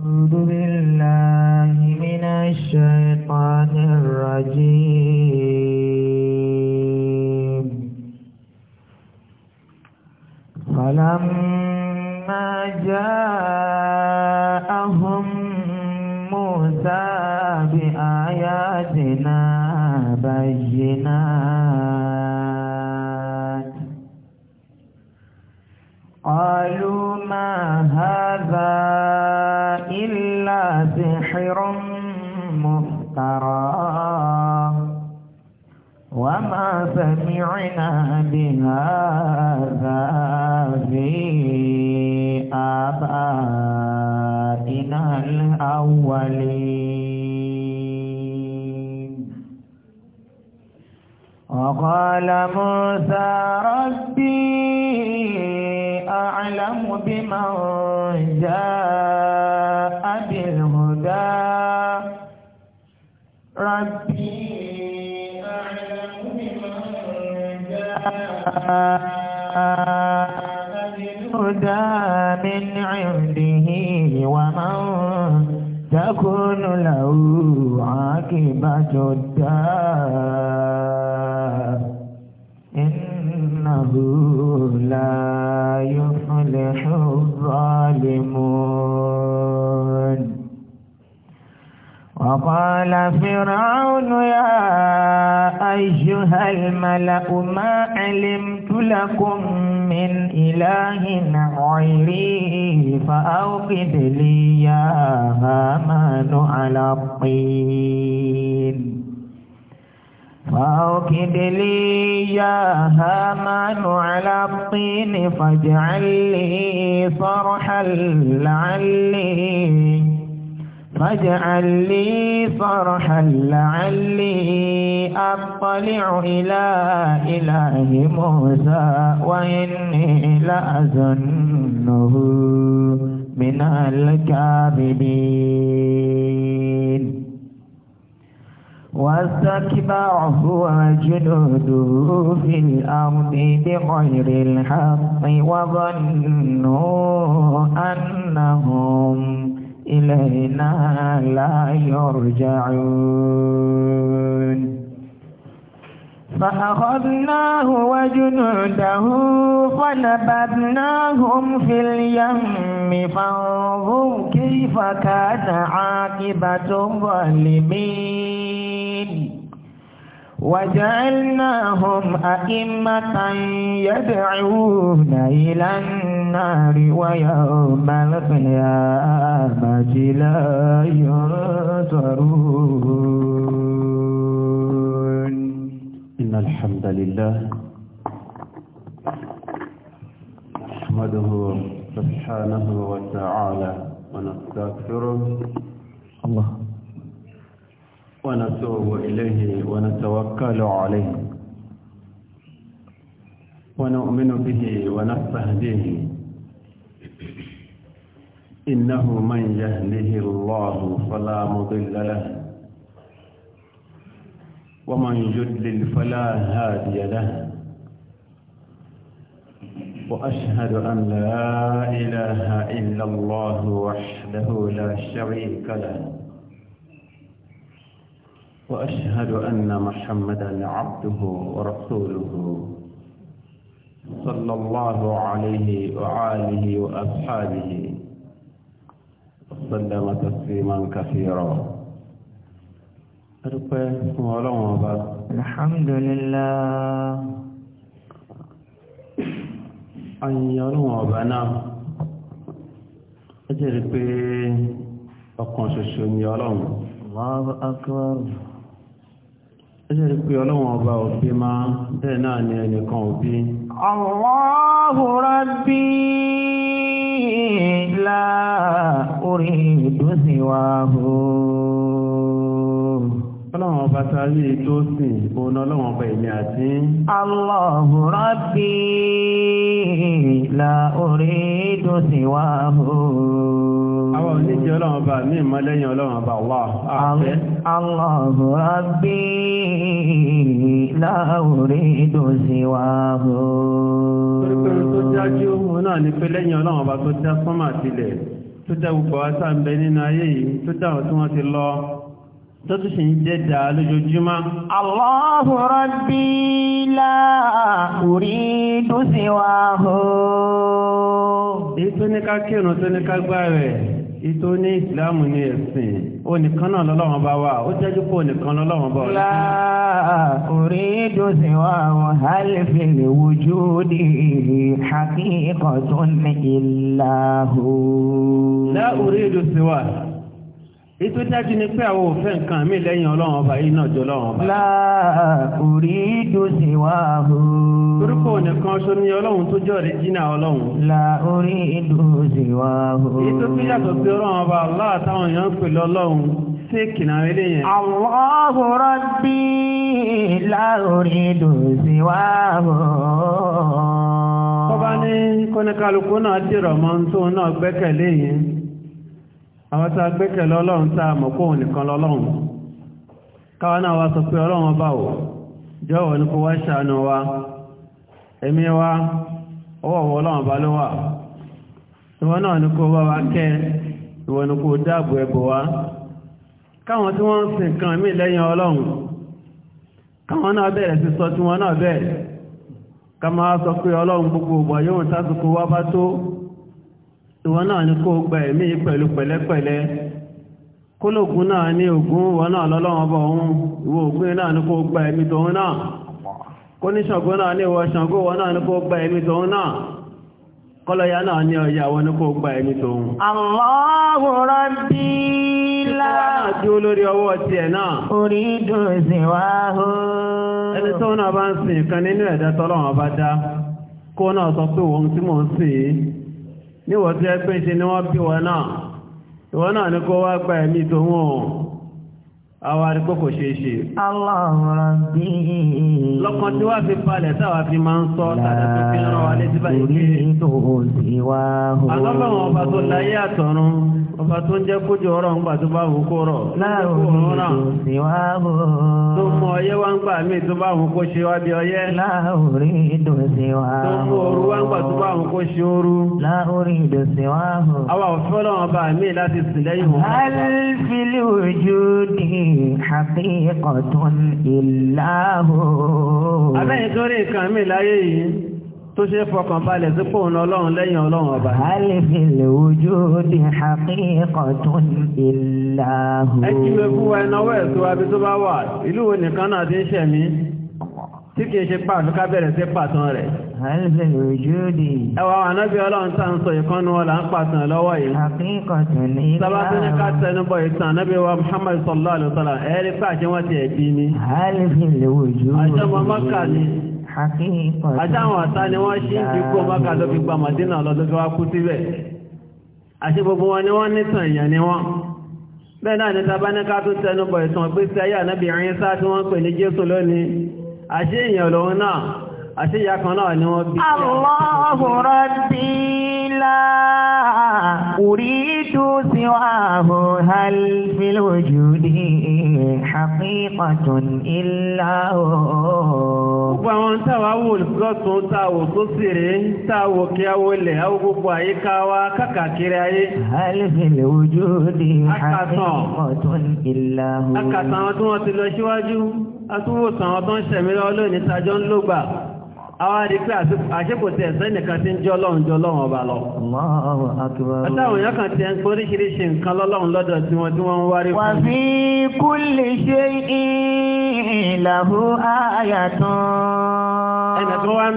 أعوذ بالله من الشيطان الرجيم فلما جاءهم موسى بآياتنا سحر مفترى وما سمعنا بهذا في آبائنا الأولين وقال موسى ربي أعلم بمن جاء الهدى من عنده ومن تكون له عاقبة الدار إنه لا يفلح الظالمون وقال فرعون يا أيها الملأ ما علمت لكم من إله غيري فأوقد لي يا هامان على الطين فأوقد لي يا هامان على الطين فاجعل لي صرحا لعلي فاجعل لي صرحا لعلي أطلع إلى إله موسى وإني لأظنه من الكاذبين واستكبر هو جنوده في الأرض بغير الحق وظنوا أنهم إلينا لا يرجعون فأخذناه وجنوده فنبذناهم في اليم فانظر كيف كان عاقبة الظالمين وجعلناهم أئمة يدعون إلى النار ويوم القيامة لا ينصرون إن الحمد لله نحمده سبحانه وتعالى ونستغفره الله ونتوب إليه ونتوكل عليه ونؤمن به ونستهديه إنه من يهده الله فلا مضل له ومن يضلل فلا هادي له وأشهد أن لا إله إلا الله وحده لا شريك له وأشهد أن محمدا عبده ورسوله صلى الله عليه وآله وأصحابه وسلم تسليما كثيرا الحمد لله أن يروا بنا أجربي بي أقوى يرون الله أكبر ẹjẹ́ pé ọlọ́wọ̀n ọba òbí máa bẹ́ẹ̀ náà ni ẹnìkan òbí Allahu Rabbi la uridu siwahu ọlọ́wọ̀n ọba tàbí e tó sìn òun ọlọ́wọ̀n ọba ìní àti Allahu Rabbi la uridu siwahu níjẹ́ ọlọ́run ọba ní ìmọ́lẹ́yìn ọlọ́run ọba wà áfẹ́. Allahu Rabbi la uridu siwahu. Pẹ̀lú tó dájú òun náà ni pé ọlọ́run ọba tó dá sánmà tilẹ̀, tó jẹ́ dà lójoojúmọ́. Allahu Rabbi tó ní ká gbá rẹ̀ ìtò ní ìsìláàmù ní ẹ̀sìn ó nìkan náà lọ́lọ́wọ́n bá wà ó jẹ́jú kó nìkan lọ́lọ́wọ́n bá wà. láàkùrí dùsìn wà wọn hálífìlì wojú ní hakíkọ̀ tó ní ìlàhùn. láàkùrí dùsìn wà ètò dájú ni pé àwọn òfin nǹkan mi lẹ́yìn ọlọ́run ọba yìí náà jọ ọlọ́run ọba. láàkùrí ìdòsí wà hù. orúkọ nìkan ṣo ni ọlọ́run tó jọ rí jìnnà ọlọ́run. láàkùrí ìdòsí wà hù. ètò tó yàtọ̀ sí ọlọ́run ọba Allah táwọn èèyàn ń pè lọ́lọ́run ṣé kìnnà ilé yẹn. Allahu Rabbi láàkùrí ìdòsí wà hù. ọba ní kọ́nẹ́kálukú náà dìrọ̀ mọ́ tó náà gbẹ́kẹ̀lé yẹn àwọn tá a gbẹ́kẹ̀lé ọlọ́run tá a mọ̀ kóhùn nìkan lọ́lọ́run káwa náà wá sọ pé ọlọ́run bá wò jọ̀wọ́ ní kó wá ṣàánú wa ẹ̀mí wa ọwọ́ wọ ọlọ́run bá ló wà ìwọ náà ní kó bá wa kẹ́ ìwọ ní kó dáàbò ẹ̀bọ̀ wa káwọn tí wọ́n ń sin nǹkan mí lẹ́yìn ọlọ́run káwọn náà bẹ̀rẹ̀ sí sọ tí wọ́n náà bẹ̀rẹ̀ ká máa sọ pé ọlọ́run gbogbo ògbà yóò tásìkò wá bá tó ìwọ náà ni kó gba ẹ̀mí pẹ̀lú pẹ̀lẹ́pẹ̀lẹ́ kólógún náà ní ògún ìwọ náà lọ́lọ́wọ́n bọ̀ òun ìwọ ògún náà ni kó gba ẹ̀mí tòun náà kó náà ní ìwọ ṣàngó ìwọ náà ni kó gba ẹ̀mí tòun náà kọ́lọ́yá náà ní ọya wọn ni kó gba ẹ̀mí tòun. Allahu Rabbi la. Tí ó níwọ̀n tí ẹgbẹ́ ìṣe ni wọ́n bí wọn náà ìwọ́n náà ní kó wá gba ẹ̀mí tòun ọ̀hún àwọn arígbó kò ṣe ṣe aláàrọ̀bí lọ́kàn tí wá fi palẹ̀ táwà fi máa ń sọ tàbí tó fi rán wa létí báyìí kí àlọ́bàwọn ọba tó láyé àtọ̀run ọba tó ń jẹ́ kójú ọ̀rọ̀ ń gbà tó bá wù kó rọ̀ tó mú ọyẹ́ wá ń gbà mí tó bá wù kó ṣe wá bí ọyẹ́ tó mú ooru wá ń gbà tó bá wù kó ṣe ooru àwọn حقيقة إلا هو أبين كوري كامل أيه tó ṣe fọkàn balẹ̀ sí pòun ọlọ́run lẹ́yìn ọlọ́run ọba. alifil wujudi haqiqatun illa hu. ẹ jí mi fún wa ẹnáwó ẹ̀ tó wa bí tó bá wà ìlú wo nìkan náà ti ń ṣẹ̀mí tí kìí ṣe pàánù ká bẹ̀rẹ̀ sí pàtàn rẹ̀. àìsè òjòdì. ẹwà ànábì ọlọ́run tá ń sọ ìkọ́nú ọ̀la ń pàtàn lọ́wọ́ yìí. àkínkọ̀tún ní ìlà ọ̀hún. sábà tó ní ká tẹnubọ̀ ìtàn ànábì wa Muhammad sallallahu alayhi wa sallam ẹ̀ẹ́rì pàṣẹ wọn ti ẹ̀bí ni. àìsè òjòdì. àṣẹ mọ́mọ́kà ni àtàwọn ọ̀tá ni wọ́n ṣí ń fi kó mọ́ká ló fi gba màdínà lọ́dọ́ fi wá kú síbẹ̀ àṣẹ gbogbo wọn ni wọ́n nítàn èèyàn ni wọ́n bẹ́ẹ̀ náà ní tabaníká tó tẹnubọ̀ ìtàn pé sí ayé ànábì Ìsá tí wọ́n pè ní Jésù lónìí àṣé èèyàn lòun náà àṣé ìyá kan náà ni wọ́n bí. Allahu Rabbi la يمشوا سواه هل في الوجود حقيقة إلا هو gbogbo àwọn táwa lọ́tún táwò tó sì rí táwò kí a wọlé àwọn gbogbo àyíká wa kákàkiri ayé. alẹ́fẹ̀lẹ̀ ojú di àkàtàn ọ̀tún àwọn tí wọ́n ti lọ síwájú àtúwòsàn àwọn tó ń ṣẹ̀mí lọ́wọ́ lónìí tajọ́ ń lògbà àwọn àdìpé àṣepòtẹ̀ sẹ́nìkan tí ń jọ lọ́run jọ lọ́run ọba lọ. Àtàwọn èèyàn kan ti oríṣiríṣi nǹkan lọ́lọ́run lọ́dọ̀ tí wọ́n tí wọ́n ń wárí fún. Wa fi kulli shay'in lahu ayatun. Ẹnì wá ń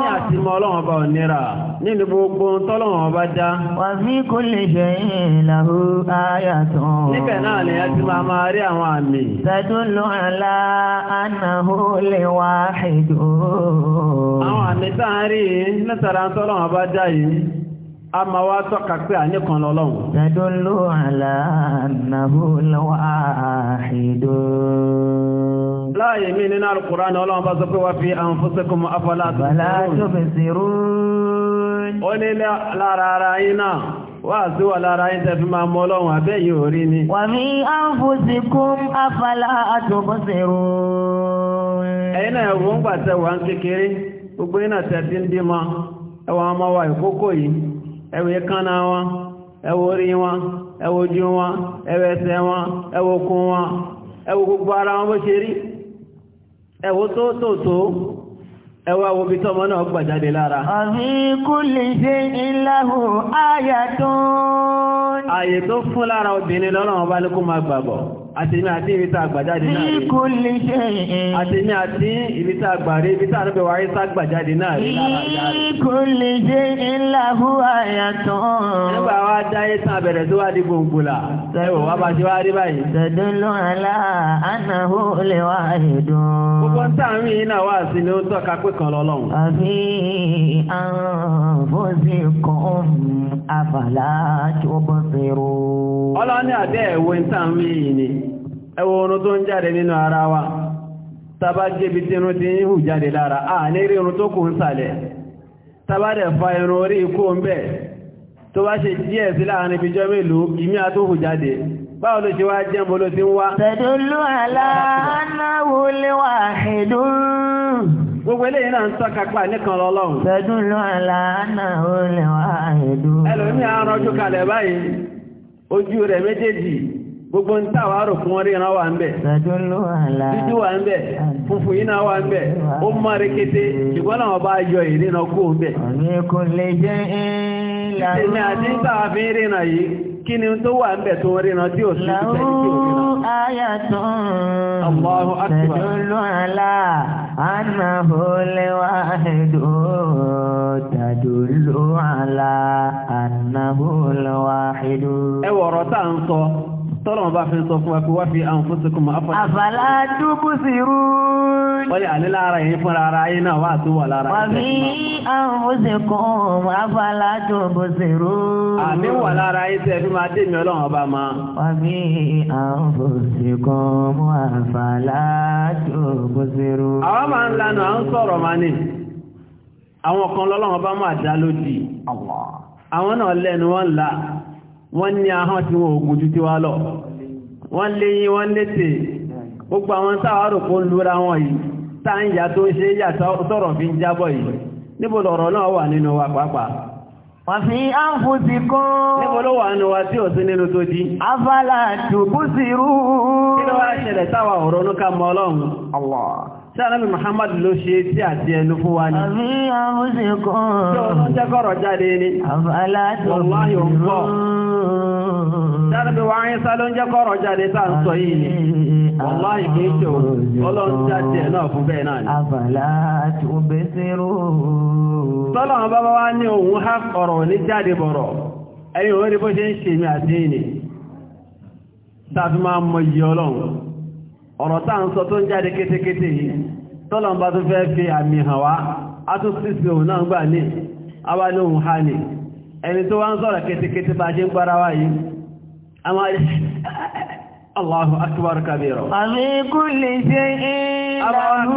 ní àtìmọ́ ọlọ́run ọba òníra nínú gbogbo tọ́lọ́run ọba dá. wà sí kò lè ṣe ìlàhó ayà tán. níbẹ̀ náà lè yẹn ti máa máa rí àwọn àmì. tadullu ala annahu al-wahid. àwọn àmì tá a rí látara tọ́lọ́run ọba dá yìí a ma wá tọ́ka pé àní kan lọ́lọ́run. tadullu ala annahu al-wahidu. láàyè mí nínú Al-Qur'an ọlọ́run bá sọ pé wá fi anfusikum afala tubsirun. ó ní lára ara yín náà wà sí wà lára yín tẹ́fí máa mọ ọlọ́run àbẹ́ yìí ò rí ni. wa fi anfusikum afala tubsirun. ẹ̀yin náà ẹ̀wọ̀n gbà tẹ̀ kékeré gbogbo yín náà tẹ̀ dín dín mọ́ ẹ̀wọ̀n ọmọ wa ìkókó yìí. ẹwọ ẹkánná wọn ẹwọ orí wọn ẹwọ ojú wọn ẹwọ ẹsẹ̀ wọn ẹwọ okun wọn ẹwọ gbogbo ara wọn bó ṣe rí ẹwọ tó tọmọ náà gbà jáde lára. ọ̀fí kú lè ṣe fún lára obìnrin ọba àtẹ̀mí àti ìrítà àgbàjáde náà rí. Kò lè ṣe é. Àtẹ̀mí àti ìrítà àgbàrí ìrítà àrùbẹ̀ wáyé sàgbàjáde náà rí lára ìyá rẹ̀. Kò lè ṣe ìlàhú àyàtọ̀. Nígbà wá dáyé tán abẹ̀rẹ̀ tó wá di gbòǹgbòlà. Ẹ̀wọ̀ wá bá ṣe wá rí báyìí. Ṣẹ̀dún ló ń la ànáhó lè wá ìdùn. Gbogbo ń tà mí iná wá sí ni ó tọ́ka pé kan lọ́lọ́run. Ọlọ́ni àbẹ́ ẹ̀wọ̀ ń tà mí ni. ẹwọ oorun tó ń jáde nínú ara wa tàbá jẹ́bi tínú ti ń hù jáde lára a ní rí irun tó kù ń sàlẹ̀ tàbá dẹ̀ fa irun orí ikú ń bẹ̀ tó bá ṣe díẹ̀ sí láàrin ibijọ́ mélòó ìmí àtúhù jáde báwo ló ṣe wá jẹ́ ojú rẹ̀ méjèèjì gbogbo ń tàwà rò fún orí ìran wà ń bẹ̀. dídú wà ń bẹ̀ funfun iná wà ń bẹ̀ ó mọ́ rekete ṣùgbọ́n náà bá yọ ìrìnà kó ń bẹ̀. kò lè jẹ́ ìlànà. ìsinmi àti ń tàwà fi ń rìnà yìí kí ni tó wà ń bẹ̀ tó ń rìnà tí ò sí ìtẹ́jú tí ò rìnà. láwùáyà tó ń tẹ̀dúlù àlá ànàhó lẹ́wà ẹ̀dọ́ tẹ̀dúlù àlá ànàhó lẹ́wà ẹ̀dọ́. ẹ wọ̀rọ̀ tá à ń sọ tọ́lọ̀mọ̀ bá fi sọ fún wa pé wá fi àwọn fún síkùnmọ̀ àfàlá dúkú sí rú wọ́n yà ní lára yìí fúnra ara yìí náà wà tó wà lára yìí. wàbí àwọn fún síkùnmọ̀ àfàlá dúkú sí rú. àmì wà lára yìí tẹ́ fi máa dèmi ọlọ́run ọba ma. wàbí dá lódì àwọn náà lẹ́nu wọn la wọ́n ní ahọ́n tí wọ́n ogun jù tí wá lọ wọ́n lè yí wọ́n létè gbogbo àwọn sáwárò kó ń lúra wọn yìí táyà tó ń ṣe yà sọ́rọ̀ fi ń jábọ̀ yìí níbo lọ̀rọ̀ náà wà nínú wa pàápàá Fàfí àfúsí kọ́. Níbo ló wà nínú wa tí ò sí nínú tó dí? Afálà tùbú sí rú. Kí ló wá ṣẹlẹ̀ táwà ọ̀rọ̀ ká mọ́ ọlọ́run? Allah tí anábì Muhammad ló ṣe tí àti ẹnu fún wa ní. àbí àmúṣe kan. tí ọlọ́run jẹ́ kọ̀rọ̀ jáde ni. àbálá tó ń bọ̀. tí anábì wa ń sá ló ní òun há ọ̀rọ̀ ní jáde bó ṣe ń ṣe mi àti ìní. tá máa mọ iye ọlọ́run. ọ̀rọ̀ tá ń sọ tó ń jáde kétékété yìí tọ́lọ̀n tó fẹ́ fi àmì hàn wá a òun náà gbà ní ha ní ẹni tó wá ń kétékété bá Allahu akbar kabira. Àmì kúlè ṣe ìrọ̀lú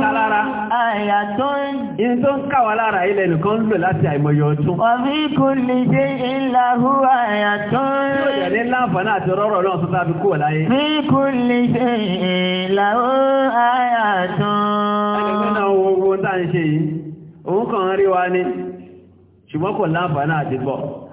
àyàtún. In tó ń kàwà lára ilẹ̀ nìkan ń lò láti àìmọye ọdún. Àmì kúlè ṣe ìlàhú àyàtún. Yóò jẹ́ ní láǹfààní àti rọ́rọ̀ náà tó tàbí kúrò láyé. Àmì kúlè ṣe ìlàhú àyàtún. Ẹgbẹ́ wo owó ń tà ń ṣe wa ní, ṣùgbọ́n kò láǹfààní àti bọ̀.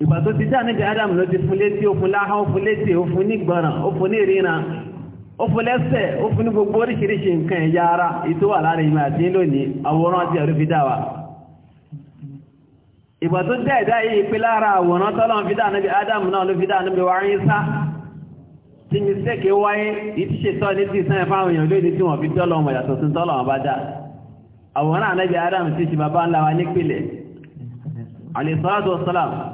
ìgbà tó ti já níbi adam ló ti fún létí ó fún láhá ó fún létí ó fún ní gbọ́ràn ó fún ní ìrìnà ó fún lẹ́sẹ̀ ó fún ní gbogbo oríṣiríṣi nǹkan ẹ̀yà ara ìtò wà láàrin ìmọ̀ àti lónìí àwòrán àti ẹ̀rú fi dáwà ìgbà tó dá ẹ̀dá yìí pé lára àwòrán tọ́lọ́ fi dá níbi adam náà ló fi dá níbi wà ń sá tí mi sẹ́kẹ̀ wáyé ti sẹ́yìn fáwọn èèyàn lóde tí wọ́n fi tọ́lọ́ wọn yàtọ̀ sí tọ́lọ́ wọn bá dá adam ti ṣe bàbá ńlá wa nípìnlẹ̀ àlè sọ́lá tó sọ́lá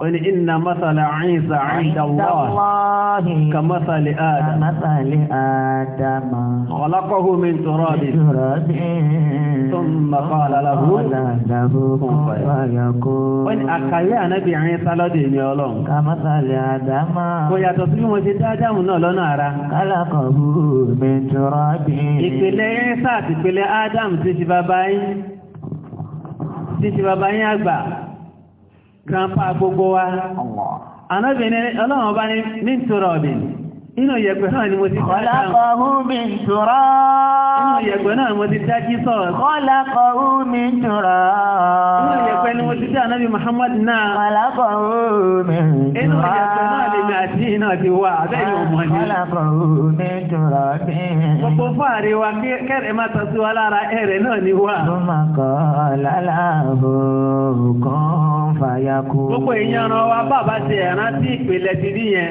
قل إن مثل عيسى عند الله كمثل آدم كمثل آدم خلقه من تراب ثم قال له wọ́n àkàrí ànábì àrin sálọ́dì ní ọlọ́run kàmásàlẹ̀ àdámá kò yàtọ̀ sí mo ṣe dájáhùn náà lọ́nà ara kan pa gbogbo wa. Ànábìnrin ọlọ́run bá ní ní ìtura ọ̀bìnrin inú yẹ̀gbẹ̀ náà ni mo ti kọ́lákọ̀ọ́ mi tùrọ̀ inú yẹ̀gbẹ̀ náà mo ti dájí sọ̀rọ̀ kọ́lákọ̀ọ́ mi tùrọ̀ inú yẹ̀gbẹ̀ ni mo ti dá náà Muhammad náà kọ́lákọ̀ọ́ mi tùrọ̀ inú yẹ̀gbẹ̀ náà lè mi àti iná ti wà abẹ́yìn ọmọ ni kọ́lákọ̀ọ́ mi tùrọ̀ bí gbogbo fáàrí wa kẹ́rẹ̀ má tọ́ sí wa lára ẹ̀rẹ̀ náà ni wà gbogbo ìyànràn wa bàbá ti ẹ̀rántí ìpìlẹ̀ ti rí yẹn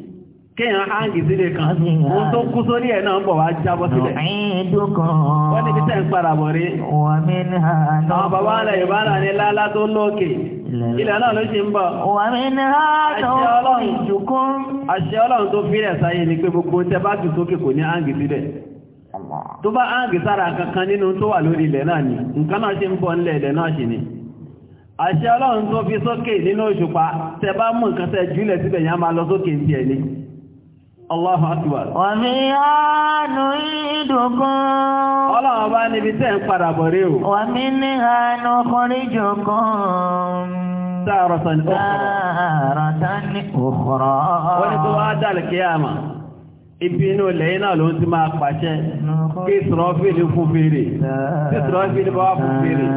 kéèyàn hángì sílé kan ohun tó kú sórí ẹ̀ náà ń bọ̀ wá jábọ́ sílẹ̀ wọ́n níbi tẹ́ ń padà bọ̀ rí àwọn bàbá ńlẹ̀ ìbára ní lálá tó lókè ilẹ̀ náà ló ṣe ń bọ̀ àṣẹ ọlọ́run fi rẹ̀ sáyé ni pé gbogbo tẹ bá jù sókè kò ní ni nǹkan náà ṣe ń bọ̀ ilẹ̀ náà ṣe ni fi sókè nínú òṣùpá tẹ bá mú nǹkan tẹ jùlẹ̀ síbẹ̀ yẹn á máa Allahu akbar. Wa mi anu idukun. Ọlọ́run bá níbi tẹ́ ń padà bọ̀ rí o. Wa mi ní anu kọríjọkun. Sáàrọ̀tàn ní òkúrọ̀. Sáàrọ̀tàn ní òkúrọ̀. Wọ́n ni tó wá dàlì kí ló ti máa pàṣẹ. Kí Ìsìrọ́fìlì fún fèrè. Kí bá wà fún fèrè.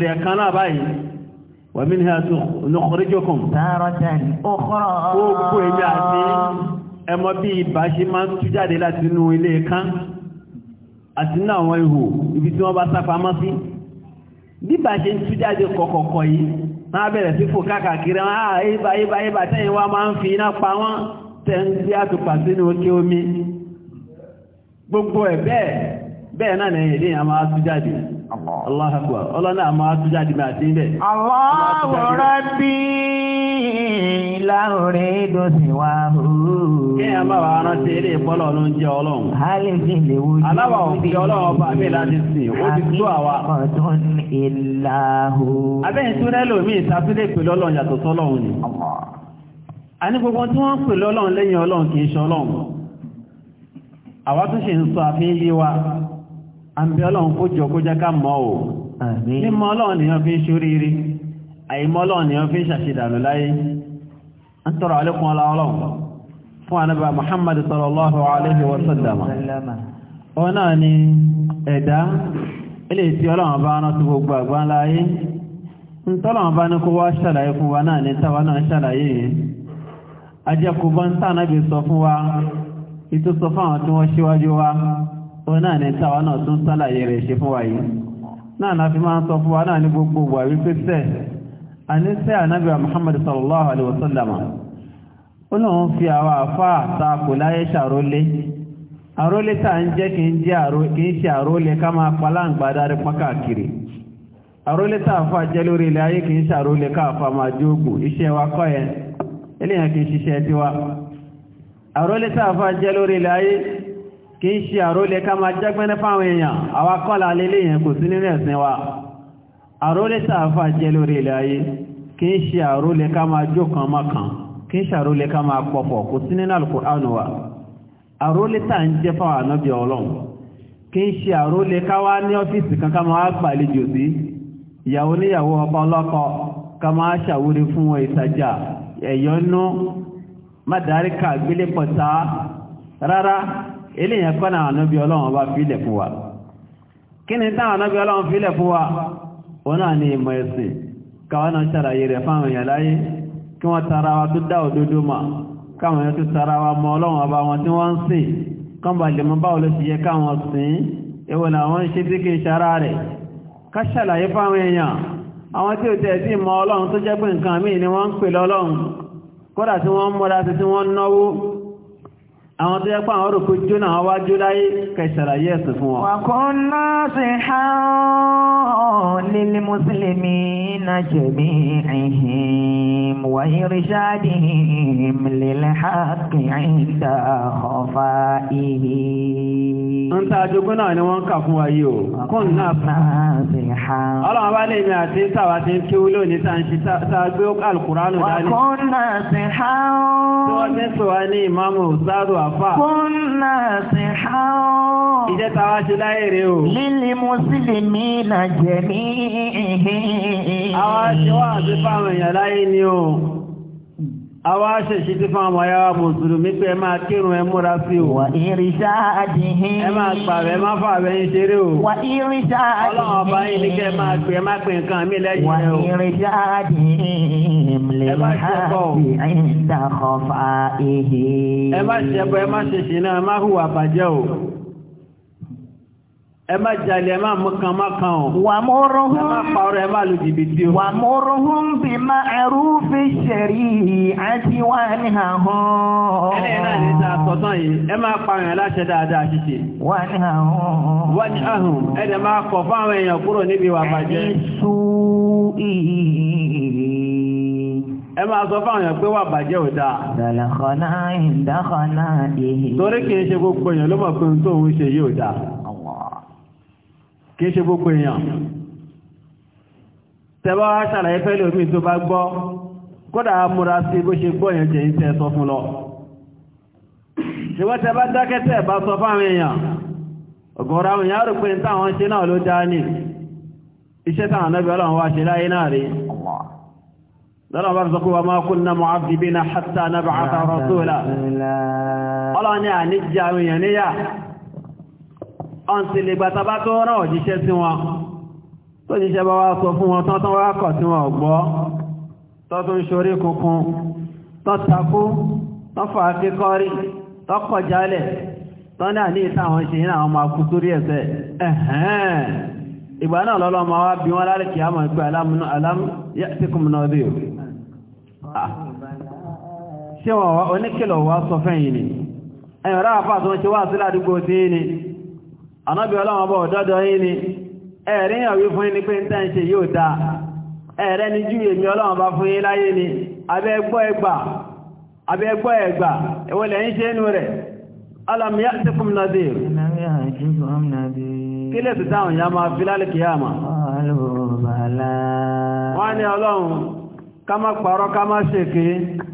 mọ́lá ومنها نخرجكم تارة أخرى gbogbo ẹ̀yà ni ẹmọ bí ibà ṣe máa ń tú jáde láti inú ilé kán àti inú àwọn ihò ibi tí wọ́n bá sápamọ́ sí bíbà ṣe ń tú jáde kọ̀kọ̀kọ̀ yìí máa bẹ̀rẹ̀ sí fò káàkiri wọn àà ah, ibà ibà ibà tẹ́yìn wá máa ń fi iná pa wọ́n tẹ́ ń gbé àtùpà sínú òkè omi gbogbo ẹ̀ bẹ́ẹ̀ bẹ́ẹ̀ náà nẹ̀yìn Allah akbar. Ọlọ́nà ma àtújáde máa ti ń bẹ̀. Allahu rabbi la uridu siwahu. Kí ẹ máa wà rántí ilé ìpọ́lọ̀ ló ń jẹ́ ọlọ́run. Hálìsì lè wú jù. ọlọ́run ọba mi ti mi ọlọ́run yàtọ̀ ni. A gbogbo ọlọ́run kì í ṣọlọ́run. Àwa ṣe ń sọ àmì ọlọ́run kó jọ kó jẹ́ ká mọ̀ ò mímọ̀ ọlọ́run nìyàn fi ń ṣoríire àìmọ̀ ọlọ́run nìyàn fi ń ṣàṣìdànù láyé ń tọrọ àlékún ọlá ọlọ́run fún ànábà Muhammad sallallahu alaihi wa sallam ni ẹ̀dá ilé tí ọlọ́run bá rán sí gbogbo àgbá láyé ń tọ́lọ́run bá ní kó wá ṣàlàyé fún wa náà ní táwa náà òun náà ni táwa náà tún sálàyé rẹ̀ ṣe fún wa yìí náà náà fi máa ń sọ fún wa náà ní gbogbo wà wípé sẹ́ àní sẹ́ ànábì wa Muhammad sallallahu alayhi wa sallam ó lóun fi àwọn àfáà ta kò láyé ṣàrólé àrólé tá à ń jẹ́ kì í ṣe àrólé ká máa paláǹgbá darí pọ́n káàkiri àrólé tá àfa jẹ́ lórí ilẹ̀ ayé kì í ṣe àrólé káàfa máa jóògùn iṣẹ́ wa kọ́ yẹn eléyàn kì ṣiṣẹ́ tiwa àrólé tá àfa jẹ́ lórí ilẹ̀ ayé kì í ṣe àrólé ká máa jẹ́gbẹ́nẹ́ fáwọn èèyàn àwa kọ́lá lélẹ̀ yẹn kò sí nínú ẹ̀sìn wa àrólé sàáfà jẹ́ lórí ilẹ̀ ayé kì í ṣe àrólé ká máa jó kan mọ́ kan kì í ṣe àrólé ká máa pọ̀pọ̀ kò sí nínú al wa àrólé tà ń jẹ́ fáwọn ànábì ọlọ́run kì í ṣe àrólé ká wá ní ọ́fíìsì kan ká máa gbàlejò eléyàn kọ́ náà ànábí ọlọ́run bá fílẹ̀ fún wa kí ni táwọn ànábí ọlọ́run fílẹ̀ fún wa òun náà ni ìmọ̀ ẹ̀sìn káwọn náà ṣàlàyé rẹ̀ fáwọn èèyàn láyé kí wọ́n tara wa tó dá òdodo mà káwọn èèyàn tó tara wa mọ ọlọ́run ọba wọn tí wọ́n ń sìn kán bá lè ni wọ́n ń pè lọ́lọ́run kódà tí àwọn tó yẹ pé àwọn òrùkú jóná àwọn wá jó láyé kẹsàrà yẹ́ ẹ̀sùn fún wọn. wàkún náà sì há lílí mùsùlùmí náà jẹ̀bi ẹ̀hìn wáyé rìṣáàdì lílẹ̀ hákì ẹ̀dà ọ̀fà ìhì. ń ta àjogún náà ni wọ́n kà fún wa yìí o. wàkún náà sì há. ọlọ́run bá lè mi àti tàwa ti ń kíwú lónìí tá tá a gbé alukura nù dání. wàkún náà sì há. tí wọ́n ti sọ wa ní ìmáàmù sáàdù àfà. Kúnnà sí ha ọ́. Ìjẹ́ ta wá ṣe láyé rẹ̀ o. Lílì Mùsùlùmí nà jẹ̀mí. Àwọn aṣèwà àti fáwọn èèyàn láyé ni o. Àwa ṣẹ̀ṣẹ̀ tí fún ọmọ ya wa Mùsùlùmí ẹ máa kírun ẹ múra sí o. Wà ìrìṣà àdìhín. Ẹ máa pààrẹ̀ ẹ máa fààrẹ̀ ń ṣeré o. Wà ìrìṣà àdìhín. Ọlọ́run ọba yín ní kẹ́ máa pè ẹ máa pè nǹkan mí lẹ́yìn rẹ o. Wà ìrìṣà àdìhín Ẹ má ṣe ẹ má jalè ẹ má mú kan má kan o. wà mú rúhún. ẹ má parọ́ ẹ má lu jìbìtì o. wà mú rúhún bí má ẹrú fi ṣẹ̀rí àti wà ní àhún. ẹlẹ́yìn náà ní ta sọ́tàn yìí ẹ máa pa àwọn aláṣẹ dáadáa ṣíṣe. wà ní àhún. wà ní àhún ẹ dẹ̀ máa kọ̀ fún àwọn èèyàn kúrò níbi ìwà bàjẹ́. ẹni sú ẹ máa sọ fáwọn èèyàn pé wà bàjẹ́ ò dáa. dàlàkọ̀ná ìdákọ̀ná ìhì. torí kìí ṣe gbogbo èèyàn tẹ́wọ́ ṣàlàyé fẹ́ lórí tó bá gbọ́ kódà múra sí bó ṣe gbọ́ yẹn jẹ́ ìṣẹ́ sọ fún lọ ṣùgbọ́n tẹ́ bá dákẹ́tẹ́ bá sọ fáwọn èèyàn ọ̀gọ̀rọ̀ àwọn èèyàn rò pé táwọn ṣe náà ló dá ní iṣẹ́ táwọn náà bí ọlọ́run wá ṣe láyé náà rí lọ́nà bá sọ pé wa ma kunna mu'adhibina hatta nab'atha rasula ọlọ́run ni à ọ̀nsìlè gbàtàbá tó rán òjíṣẹ́ sí wọn tó jíṣẹ́ bá wá sọ fún wọn tán tán wá kọ̀ sí wọn ọ̀gbọ́ tó tún ṣorí kunkun tó takú tó fà á fi kọ́rí tó kọ̀ jálẹ̀ tó ní àní ìta àwọn ṣe ní àwọn máa kú sórí ẹ̀sẹ̀ ẹ̀hẹ́n ìgbà náà lọ́lọ́ máa wá bí wọ́n lálẹ́ kí anábí ọlọ́wọ́n bọ̀ ọ̀dọ́dọ̀ yìí ni ẹ̀rí ìyàwó fún ní pé ń tẹ́ ń ṣe yóò dá ẹ̀rẹ́ ni jú èmi ọlọ́wọ́n bá fún yí láyé ni abẹ́gbọ́ ẹgbà ìwọlẹ̀ ń ṣe inú rẹ̀ alam ya a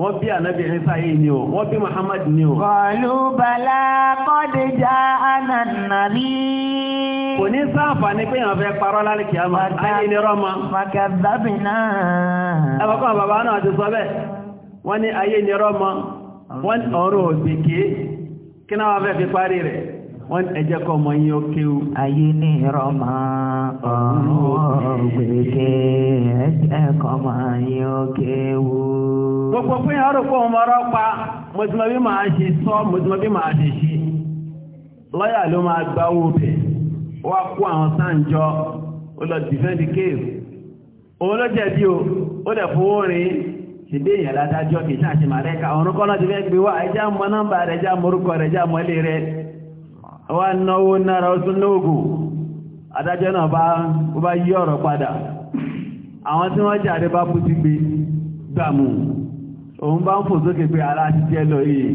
wọ́n bí ànábì Ìsá yìí ni o wọ́n bí Muhammad ni o. Qalu bala qad ja'ana nabi kò ní sáàfà ní pé èèyàn fẹ́ parọ́ lálẹ́ kìí àmọ́ ayé ni rọ́mọ. fakadhabna. ẹ̀fọ́kọ́ bàbá náà ti sọ bẹ́ẹ̀ wọ́n ní ayé ni rọ́mọ wọ́n ọ̀rọ̀ òbí kìí kí náà wọ́n fẹ́ fi parí rẹ̀. wọn ẹjẹ́ kọ́ ọmọ yín ó kéwu. ayé ní irọ́ máa ọ̀rùn gbèké ẹjẹ́ ọmọ yín ó gbogbo fún yàrá òkú pa bí màá ṣe sọ mo bí màá ṣe ṣe lọ́yà ló máa gba owó bẹ̀ wá kó àwọn sáǹjọ ó lọ o ó dẹ̀ fowó rìn rẹ̀ ká ọ̀run kọ́ náà ti fẹ́ gbé wá rẹ̀ orúkọ rẹ̀ àwọn anáwó nára ó tún lóògùn adájọ́ náà bá yí ọ̀rọ̀ padà àwọn tí wọ́n jáde bá bú ti gbé gbàmù òun bá ń fò sókè pé ara ti jẹ́ lọ yìí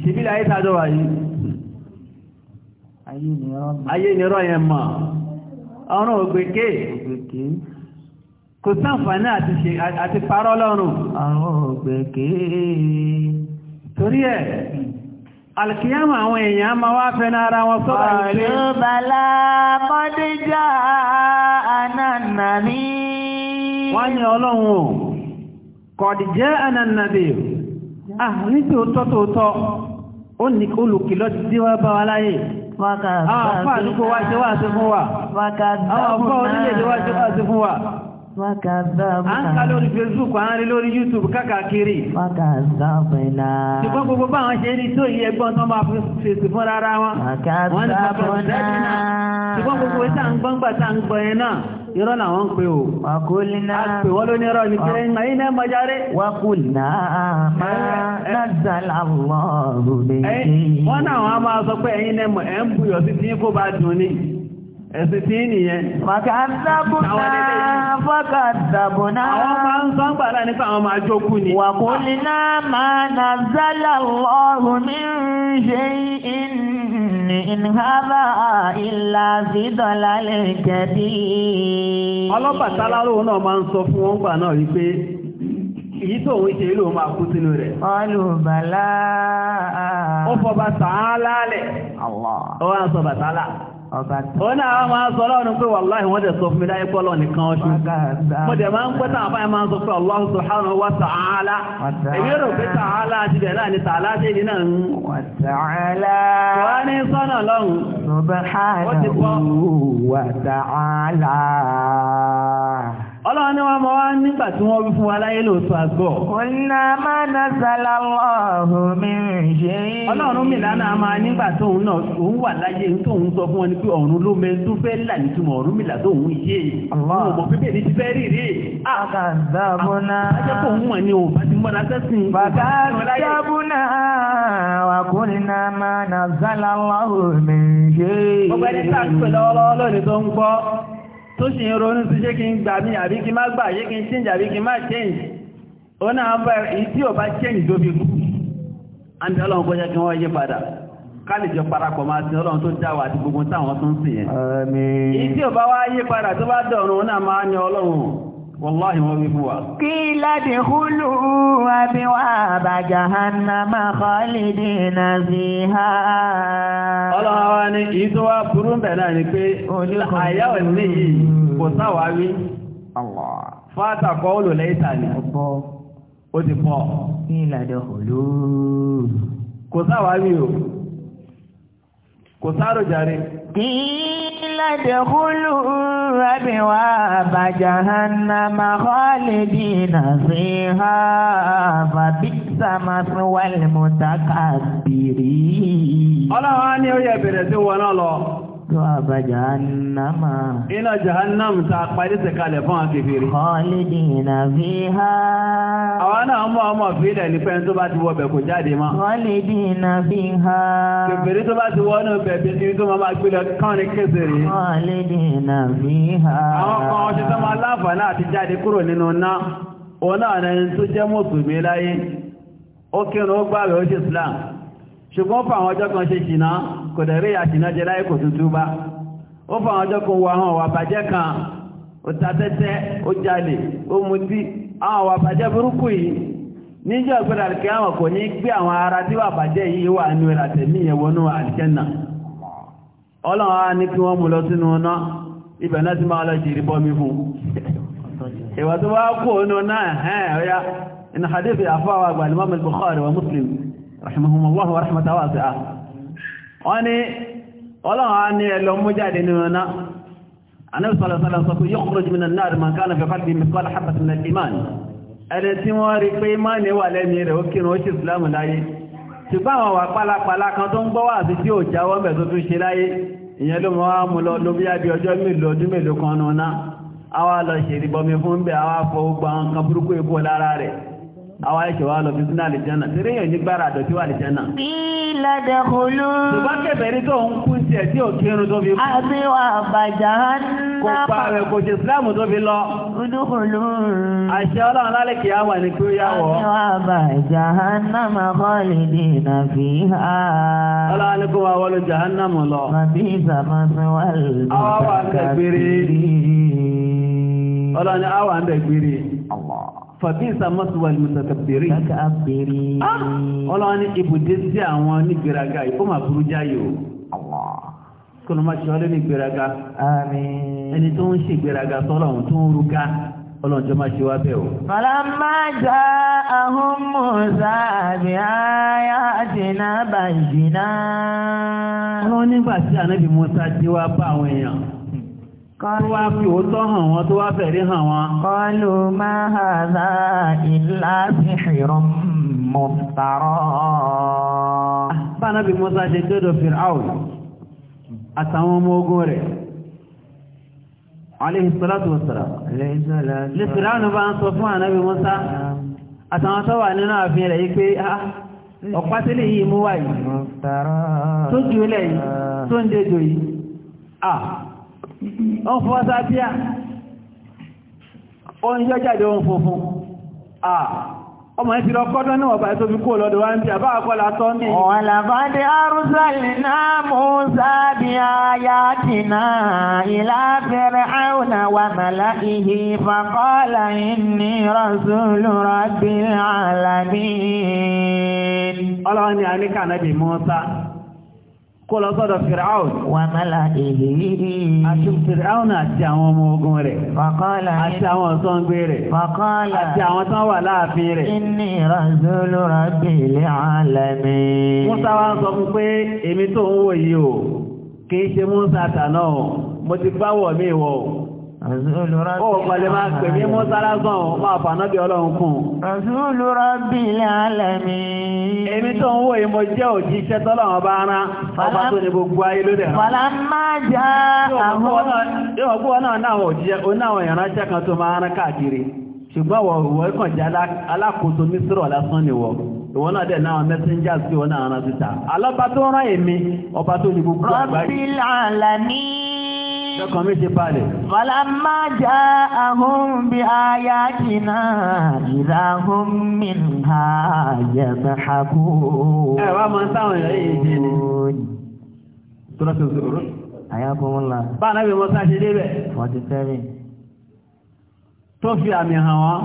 ṣìbílẹ̀ ayé tàjọ wà yìí ayé nìrọ̀ yẹn mọ̀ ọ̀run ògbèké kò sáǹfàní àti parọ́ lọ́rùn ọ̀run ògbèké torí ẹ̀ hmm. Alkiyama àwọn èèyàn máa wá fẹ́ nára wọn sọ́dá ìpé. Àjọ́bàlá Mọ́díjá Anànàbí. Wọ́n ní ọlọ́run kọ̀dìjẹ́ Anànàbí. Ah, ní tí ó tọ́ tó tọ́, ó ní olùkìlọ́ ti dí wá bá wa láyé. Wákàtí. Àwọn àfáà Wákàzábùnà. À ń lórí Facebook, à ń lórí YouTube kákàkiri. Wákàzábùnà. Ṣùgbọ́n gbogbo bá wọn ṣe rí tó yí ẹgbọ́n tán máa fèsì fún rárá wọn. Wákàzábùnà. Ṣùgbọ́n gbogbo ìta ń gbọ́n gbà tá ń gbọ́ yẹn náà, irọ́ làwọn ń pè o. Wàkúlìnà. A pè wọ́n lóní irọ́ yìí kéré ńlá iná Wàkúlìnà máa nàzàlà lọ́rùn méjì. Wọ́n náà wọ́n máa sọ pé ẹ̀yin náà ẹ̀ ń buyọ̀ sí ti ń kó bá dùn ni. ẹ̀sìn tí nìyẹn. Fàkàdàbùnà fàkàdàbùnà. Àwọn máa ń sọ́n gbàdá nípa ma in náà máa ń sọ fún wọn gbà náà wípé èyí tó òun ṣe ló máa kú sínú rẹ̀. Ọlùbàlá. Ó fọ bàtà á lálẹ̀. Ó wá ń sọ bàtà ó ní àwọn máa sọ lọ́rùn pé wàláhì wọ́n dẹ̀ sọ fún mi dáyé pọ́lọ̀ nìkan ọṣù mo dẹ̀ máa ń pẹ́ tàn àbáyé máa sọ pé Allah subhanahu wa ta'ala èmi rò pé ta'ala ọlọ́run ni wọ́n mọ̀ wá nígbà tí wọ́n wí fún wa láyé lóòótọ́ àgbọ̀. ọ̀nà máa ná sálá ọ̀hún mi ṣe é. ọlọ́run mi lánàá máa nígbà tó òun náà òun wà láyé tó òun sọ fún wọn ni pé ọ̀run ló mẹ tó fẹ́ là ní túmọ̀ ọ̀run mi là tó òun yé. ọ̀hún mọ̀ pípé ní ti fẹ́ rí rí. àkàndá bọ́nà. kò ń wọ̀n ni la sẹ́sìn. bàbá jábúnà tó sì ń ronú sí ṣé kí n gbà mí àbí kí má gbà change ona kí má change ó náà change tó fi kú àmì ọlọ́run kó jẹ́ kí wọ́n yí padà parapọ̀ máa ọlọ́run tó dáwà àti gbogbo táwọn tó ń sìn yẹn èyí tí ò bá wá yí padà tó bá náà máa Wàláhì wọ́n wí fún wa. Kí láti húlù àbíwá àbàjá hannama kọ́lìdì na sí ha. Ọlọ́wọ́ ni kìí tó wá burú bẹ̀ náà ni pé àyáwẹ̀ sí yìí kò sáwà wí. Fáta kọ́ ó lò ni. Ó ti pọ̀. Kí láti húlù. Kò sáwà wí o kò sáàrò jàre. Ìlà dẹ̀kúlù rẹ̀bíwá àbàjá hanna máa kọ́lé bí nà sí ha bàbí sàmà fún wàlìmọ̀tàkà bìrì. Ọlọ́run á ó yẹ bẹ̀rẹ̀ sí wọn náà lọ. ضعب جهنم إلى جهنم تقبل سكالة فان كفير خالدين فيها أوانا أمو أمو فيلا لفين تبات وبكو جادي ما خالدين فيها كفير تبات وانو ببسي ثم ما أقول كان كسري خالدين فيها أوانا أمو شتما الله فانا تجادي كرو لنونا ọ̀nà ẹni tó jẹ́ mùsùlùmí láyé ó kírùn ó gbáwẹ̀ ó ṣe Islam ṣùgbọ́n fà àwọn ọjọ́ kan ṣe ṣìná kò dẹ̀rí àṣìnájẹ láyé kò tuntun bá ó fa àwọn ọjọ́ kan wọ àwọn ọ̀wà bàjẹ́ kan ó ta tẹ́tẹ́ ó jalè ó mutí àwọn ọ̀wà bàjẹ́ burúkú yìí níjọ́ ìgbéra kí àwọn kò ní gbé àwọn ara tí wà bàjẹ́ yìí wà nínú ẹ̀rà tẹ̀mí yẹn wọnú àlìkẹ́nà ọlọ́run á ní kí wọ́n mú lọ sínú iná ibẹ̀ náà ti máa lọ jìrì bọ́mí fún ìwà tó wá kó nù náà hẹ́n ọ̀yá inú hadith àfọwà àgbà al-Imam al-Bukhari wa Muslim rahimahumullah wa rahmatahu wasi'ah wọ́n ní ọlọ́run á ní ẹlọ mú jáde nínú ọ̀nà anẹ́sọ̀lọ́sọ̀lọ́ sọ pé yọ́kùnrin jùmọ̀ náà rí màkánà fẹ́fà bí mẹ́kọ́lá hàbàtì nà ìmán ẹni tí wọ́n rí pé ìmánì wà lẹ́mí rẹ̀ ó kírun ó sì ìsìlámù láyé ṣùgbọ́n àwọn wà pálapàla kan tó ń gbọ́ wà sí tí ò jáwọ́ mẹ́ tó tún ṣe láyé ìyẹn ló mọ́ mú lọ ló bí i ọjọ́ mélòó ọdún mélòó kan nù náà àwa lọ ṣèrìbọmi fún bẹ́ẹ̀ àwa fọ gbọ́n kan burúkú èkó lára rẹ̀ àwọn ẹ̀ṣẹ̀ wa lọ fi sínú àlìjánà tí ríyàn nígbàrà àdọ̀tí wà àlìjánà. bí ládẹ̀kọlù. ṣùgbọ́n kẹfẹ̀rí tó ń kú sí ẹ̀tí òkèrún tó fi kú. àbíwá àbàjá ńlá. kò pa rẹ̀ kò ṣe síláàmù tó fi lọ. dúkùlù. àṣẹ ọlọ́run lálẹ́ kì ní kí ó yá àbàjá ńlá máa kọ́ lè dènà fi ọlọ́run ní kó wa wọlé jahannamu lọ fàbíìsà mọ́sùwà lùtàkàbèrè. kàkàbèrè. Ah, ọlọ́wọ́n ní ibùdó sí àwọn onígbèraga yìí ó máa burú jáyé o. kọ́nà máa ṣe ọlẹ́ ní gbèraga. àmín. ẹni tó ń ṣe gbèraga sọ́lọ́run tó ń ruga ọlọ́run tó máa ṣe wá bẹ́ẹ̀ o. fàlámà já ahun mùsà àbí àyà àjìnà bàjìnà. ọlọ́run nígbà tí ànábì Mùsá ti wá bá àwọn èèyàn. Kọ́lù wá fi òótọ́ hàn wọn tó wá fẹ̀rí hàn wọn. Kọ́lù máa hà dá ìlà sí ṣìrọ̀ mọ̀tàrọ̀. Bánábì Mọ́sá ṣe dédò Fir'aun àtàwọn ọmọ ogun rẹ̀. Aléhì Sọ́látù Wọ́sàrà. Lè Fir'aun bá ń sọ fún ànábì Mọ́sá àtàwọn tó wà nínú ààfin rẹ̀ yí pé ah, ọ̀pásílẹ̀ yìí mú wáyìí wọ́n fún wáṣá bí à ó ń yọ́ jáde ohun funfun àà ọmọ ẹ̀ ti lọ kọ́dọ́ náà wọ̀bá tó fi kó lọ́dọ̀ wá ń bí àbá àkọ́lá tọ́ ní ọ̀làbádé arúsàlìná Mùsá bí ayatina ila fir'auna wa mala'ihi faqala inni rasulu rabbil alamin ọlọ́ni àníkà náà bí Mùsá kọlọ sọ́dọ̀ fìràún wà mẹ́lá èyí àti fìràún àti àwọn ọmọ ogun rẹ̀ àti àwọn ọ̀sọ́ngbé rẹ̀ àti àwọn tán wà láàfin rẹ̀ inú ìrọ̀zúlù rọ̀bìlẹ̀ alẹ́mí Mùsá wá sọ fún pé èmi tó ń wò yìí o kìí ṣe Mùsá tàná mo ti báwọ̀ mi wọ̀ o Ọ̀pọ̀lẹ̀ máa pè ní Mọ́sálásán máa fànábí ọlọ́run kùn. Rasúlù Rabbil Alamin. Èmi tó ń wò yí mo jẹ́ òjíṣẹ́ tọ́lọ́run bá rán, ọba tó ní gbogbo ayé ló dẹ̀ rán. Fàlá máa já àwọn. Yóò gbọ́ náà náà òjíṣẹ́, ó náà ìránṣẹ́ kan tó máa rán káàkiri. Ṣùgbọ́n wọ̀ ìwọ kàn jẹ́ alákòóso Mísírọ̀ lásán ni wọ̀. Ìwọ náà dẹ̀ náà messengers tí wọ́n náà rán síta. Alọ́ba tó rán èmi, ọba tó ní gbogbo àgbáyé. Rabbil Alamin. Lọ́kàn mi ti balẹ̀. Fàlámà já ahun bí aya jìnnà ìlà ahun mi ha yẹ̀bẹ̀ hakú. Ẹ wá mọ táwọn èèyàn yìí di ni. Tọ́lá tó zòrò. Àyà kò wọ́n la. Bá Anábì Mọ́sá ṣe débẹ̀. Forty fi àmì hàn wọ́n.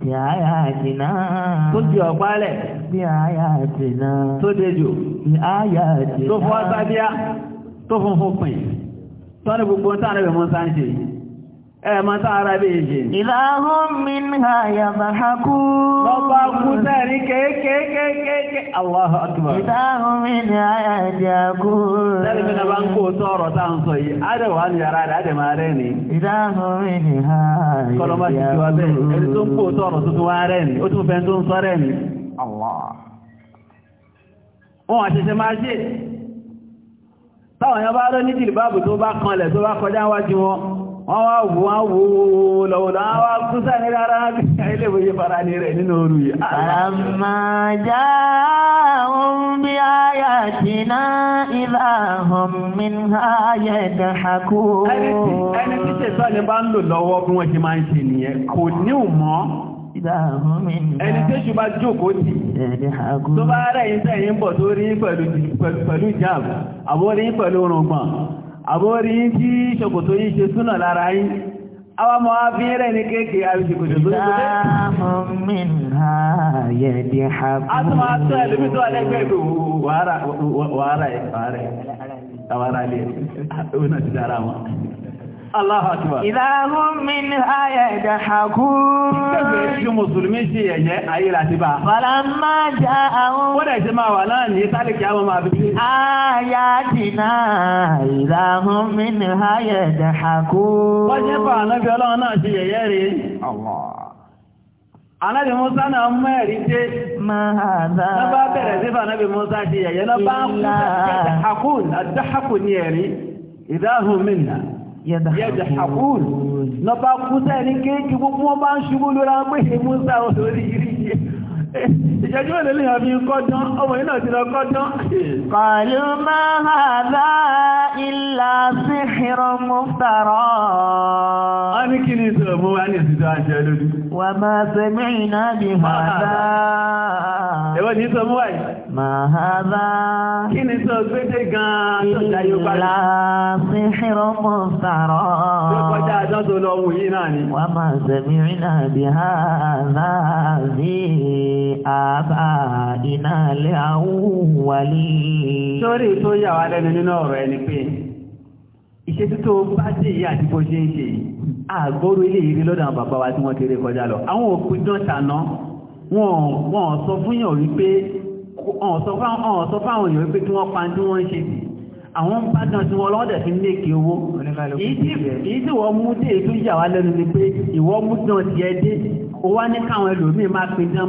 Bí aya jìnnà. Tó di ọ̀pálẹ̀. Bí aya jìnnà. Tó dejò. Bí aya jìnnà. Tó fọ́ sábíà. Tó funfun pin. tọ́ni gbogbo ń tààrẹ mọ́ sáà ń ṣe ẹ̀mọ́ tààrà bí i ṣe ìlàhùn min ha hakú lọ́pàá ha bá ya kó sọ́rọ̀ ha táwọn èèyàn bá rọ́ ní jìlìbáàbù tó bá kanlẹ̀ tó bá kọjá wájú wọn wọ́n wá wù wọ́n wò lọ́wọ́lọ́ wá kú sáni rárá ilé ìwòye fara ní rẹ̀ nínú orú yìí. àmà já ẹni tí ṣùgbà jókòó tí tó bá rẹ̀ yìí tẹ́ yìí ń bọ̀ tó rí pẹ̀lú jam àbórí pẹ̀lú rùngbọ̀n àbórí tí ṣòkòtò yìí ṣe súnà lára yìí àwọn ọmọ abin rẹ̀ ní kéèkèé àríṣìkòjò tó ṣe Allahu Akbar. Ìdáhùn mi ní ayẹ ìdáhàkú. Kẹ́fẹ́ sí Mùsùlùmí sí ẹ̀yẹ ayé láti bá. Fàlà máa já àwọn. Wọ́n dẹ̀ ṣe máa wà náà ní sálìkì àwọn máa fi sí. Ayá dìná ìdáhùn mi ní Musa náà mú ẹ̀rí dé. Máa dá. Lọ́bá bẹ̀rẹ̀ sí fà ànábì Musa ṣe yẹ̀yẹ́ lọ́bá ń kú. Ìdáhàkú ni ẹ̀rí. Ìdáhùn mi yẹ̀dàkùn lọ́ba kúsẹ́ ní kéèkì gbogbo wọn bá ń ṣubú lóra pé ìmúsà olórí rí ìṣẹ́jú èlé lè hàn bí kọ́dán ọmọ yìí náà ti lọ kọ́dán. kọlu máa ha sí ìrọ̀ mú fẹ̀rọ̀. ní kí ni ìṣòro mú wáyé. Màhábá. Kí ni tó gbédé gan-an tó dá yóò bá lọ? Ìlà síhìrọ̀ mọ̀ sàrọ̀. Tó kọjá àjọ́sọ lọ wù yí náà ni. Wà máa sẹ̀mí rìnà bí ha láàbí àbá iná lé àwúwalí. Sórí tó yà wá lẹ́nu nínú ọ̀rọ̀ ẹni pé ìṣètò tó bá dé yìí àti bó ṣe ń ṣe yìí àgbóró ilé ìrí lọ́dọ̀ àwọn bàbá wa tí wọ́n ti kọjá lọ àwọn òpin dán tàná wọn ò sọ fún yàn wípé ọ̀sọ̀ fáwọn èèyàn pé kí wọ́n pa tí wọ́n ń ṣe àwọn bájọ́ tí wọ́n lọ́dẹ̀ fi léèkì owó èyí wọ́n mú dé ètò ìyàwó lẹ́nu ni pé ìwọ́n mú dán ti ẹ dé wá ní káwọn ẹlòmíì máa pin dán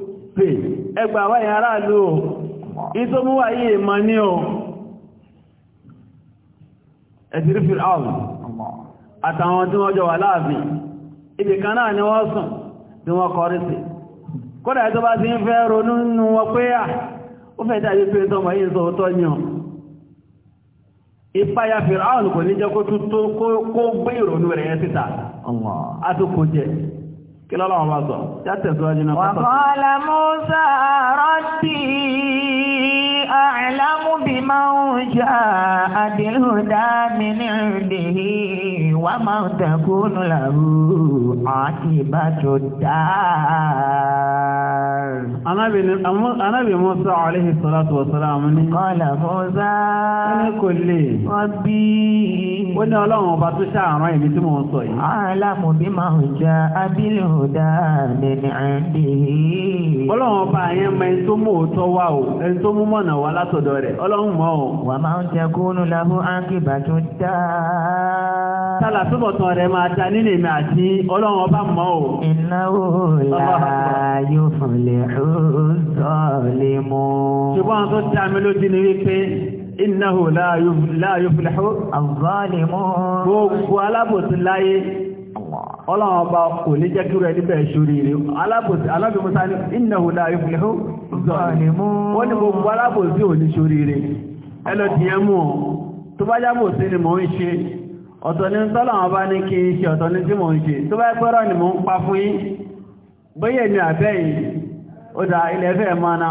pè ẹgbà wáyé aráàlú o ìtò mú wà yìí mọ́ ní o ẹ̀tìrí fi ráàlù àtàwọn tí wọ́n jọ wà ibì kan náà ni wọ́n sùn tí wọ́n kọrí sí kódà bá ti ń fẹ́ ronú nínú wọn pé à ó fẹ́ pé yìí sọ tọ́ ní ọ kò ní jẹ́ kó tó kó gbé ìrònú rẹ̀ yẹn kí lọ́lọ́wọ́ bá sọ játẹ̀síwájú náà pàtàkì wàkọ́lá Musa rabbi a'lamu biman ja'a bil Wa máa ń tẹ̀kú nùlàrú àti ìbájọ dáa. Anábì Musa alayhi salatu wa salam ni. Kọ́lá Musa. Ẹni kò lè. Wọ́n bí. Ó ní ọlọ́run ọba tó ṣàárán ìbí tí mò ń sọ yìí. Àlàmù bí máa ń ja abílẹ̀ òdà lẹ́nu àǹdè. Ọlọ́run ọba yẹn mọ ẹni tó mú òótọ́ wá o, ẹni tó mú mọ̀nà wá látọ̀dọ̀ rẹ̀, ọlọ́run o. Wà máa ń tẹ̀kú nùlàrú àti ìbájọ wàhálà túbọ̀ tán rẹ̀ máa ta nílé mi àti ọlọ́run ọba mọ́ o. ìnáwó la yóò fún lè rúzọ lè mú. ṣùgbọ́n tó dá mi lójú ni wípé ìnáwó la yóò fún lè rú. àwọ̀ lè mú. gbogbo alábòsí láyé ọlọ́run ọba kò ní jẹ́ kíru ẹni bẹ̀rẹ̀ ṣoríire alábòsí alábìmọ́sá ní ìnáwó la yóò fún lè rú. wọ́n ní gbogbo alábòsí ò ní ṣoríire ẹlọ́dìyẹ mú tó bá yá bòsí ni mò ń ṣe ọ̀tọ̀ ni tọ́lọ̀ wọn bá ní kí n ṣe ọ̀tọ̀ ní tí mò ń ṣe tó bá pẹ́rọ ni mò ń pa fún yín bóyẹ̀ mi àbẹ́yìn ó dá ilẹ̀fẹ́ mọ́ná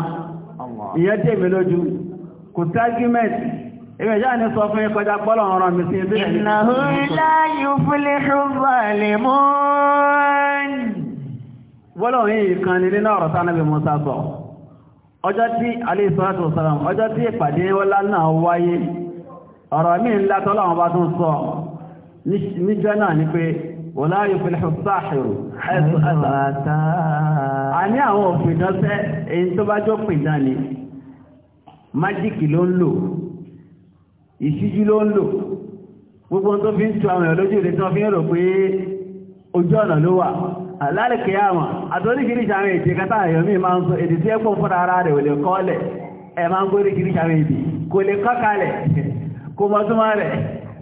ìyẹn tí èmi lójú kò tágímẹ̀tì ọ̀rọ̀ mi ńlá tọ́lọ́wọ́n bá tún sọ níjọ́ náà ni pé wọ́n láàyò pẹ̀lú sáàṣìrò ẹ̀sùn ẹ̀sà a ní àwọn òpìdánṣẹ́ èyí tó bá jọ pìdán ni májíkì ló ń lò ìṣíjú ló ń lò gbogbo tó fi ń tu àwọn ìlójú rẹ̀ tó fi ń rò pé ojú ọ̀nà ló wà alálẹ̀kẹ́ àwọn àtọ́ríkìríṣà àwọn èdè kátà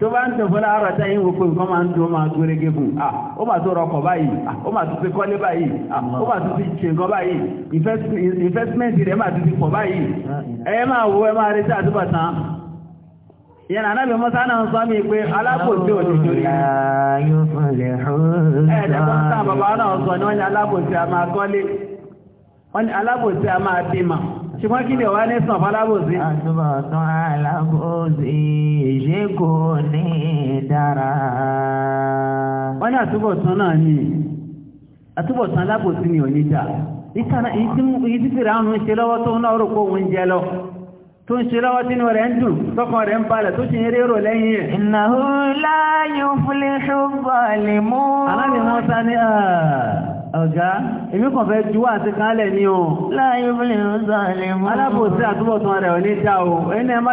tó bá ń tẹ̀fọ́ láàárọ̀ tẹ́ yín gbogbo nǹkan máa ń dún máa gbérégé ó máa tó rọkọ̀ báyìí ó máa tún fi kọ́lé báyìí ó máa tún fi ṣe nǹkan báyìí rẹ̀ máa fi pọ̀ báyìí ẹ máa wo ẹ máa retí ìyẹn náà mọ́sá náà sọ mí pé alábòsí ò náà sọ wọ́n ní alábòsí a máa kọ́lé ṣùgbọ́n kí ni ọ̀wá ní sàn falábòsí. àtúbọ̀tán alábòsí ṣé kò ní dára. wọ́n ní àtúbọ̀tán náà ni àtúbọ̀tán alábòsí ni òní dà èyí tí fèrè àwọn ń ṣe lọ́wọ́ tó ń náwó kó oúnjẹ lọ tó ń ṣe lọ́wọ́ tínú rẹ̀ ń dùn tọ́kàn rẹ̀ ń balẹ̀ tó ṣe ń rérò lẹ́yìn ẹ̀. innahu la yuflihu zalimun. alábìmọ́sá ni àà ọ̀gá èmi kàn fẹ́ ju wá sí kánlẹ̀ ní o láàyè bílẹ̀ ń sọ lè mú alábòsí àtúbọ̀tán rẹ̀ ò ní dá o èyí náà má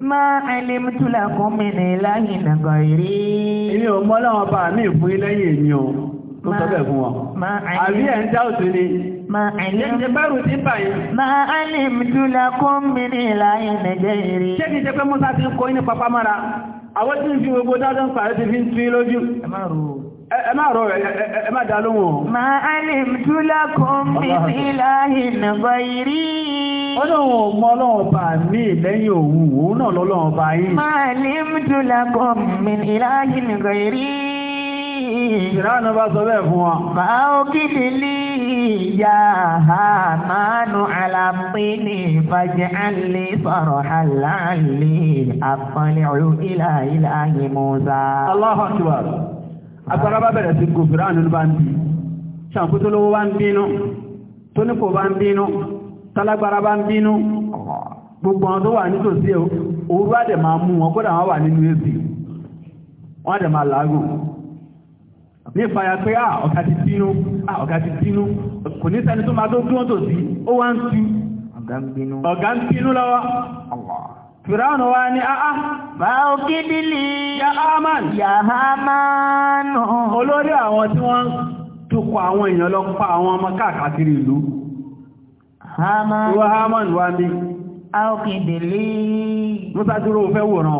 Máa ẹlẹ́mú tó làkún mi ní láyìn nàgọ̀ ìrí. Èmi ò mọ́ láwọn bá mi fún ilẹ́yìn èmi o, tó sọ bẹ̀ fún wọn. Àbí ẹ̀ ń dá òtún ni. Máa ẹlẹ́mú tó làkún mi ní láyìn nàgọ̀ ìrí. Ṣé kìí ṣe pé Mọ́sá ti ń kọ́ inú papá mára? Àwọn tí ń fi gbogbo dáadọ́ ń pàrẹ́ ti fi ń tún lójú. Ẹ má rò ó ẹ máa rọ ẹ máa dá lóhùn. ma alimtu lakum min ilahin ghayri. ọlọ́run ọmọ ọlọ́run bá mi lẹ́yìn òun òun náà lọ́lọ́run bá yín. ma alimtu lakum min ilahin ghayri. ìrànà bá sọ bẹ́ẹ̀ fún wa. ma ukibli ya hamanu ala tini faj'al li sarhan la'alli attali'u ila ilahi Musa. Allahu akbar agbára bá bẹ̀rẹ̀ sí gòfèrè àánú bá ń bí ṣàǹkótó lówó bá ń bínú tó nípò bá ń bínú tálágbára bá ń bínú gbogbo àwọn tó wà nítòsí òru á dẹ̀ máa mú wọn kódà wọn wà nínú èsì wọn á máa làágùn ní ìfàyà pé à ọ̀gá ti bínú à ọ̀gá ti bínú kò ní sẹ́ni tó máa tó dúró tòsí ó wá ń tu ọ̀gá ń bínú lọ́wọ́ Fìránù wa ní àá. Máa kí bílì. Ya Haman. Ya Haman. Olórí àwọn tí wọ́n tukọ̀ àwọn èèyàn lọ pa àwọn ọmọ káàkiri ìlú. Haman. wa ní. A ó kí bílì. Musa dúró fẹ́ wòran o.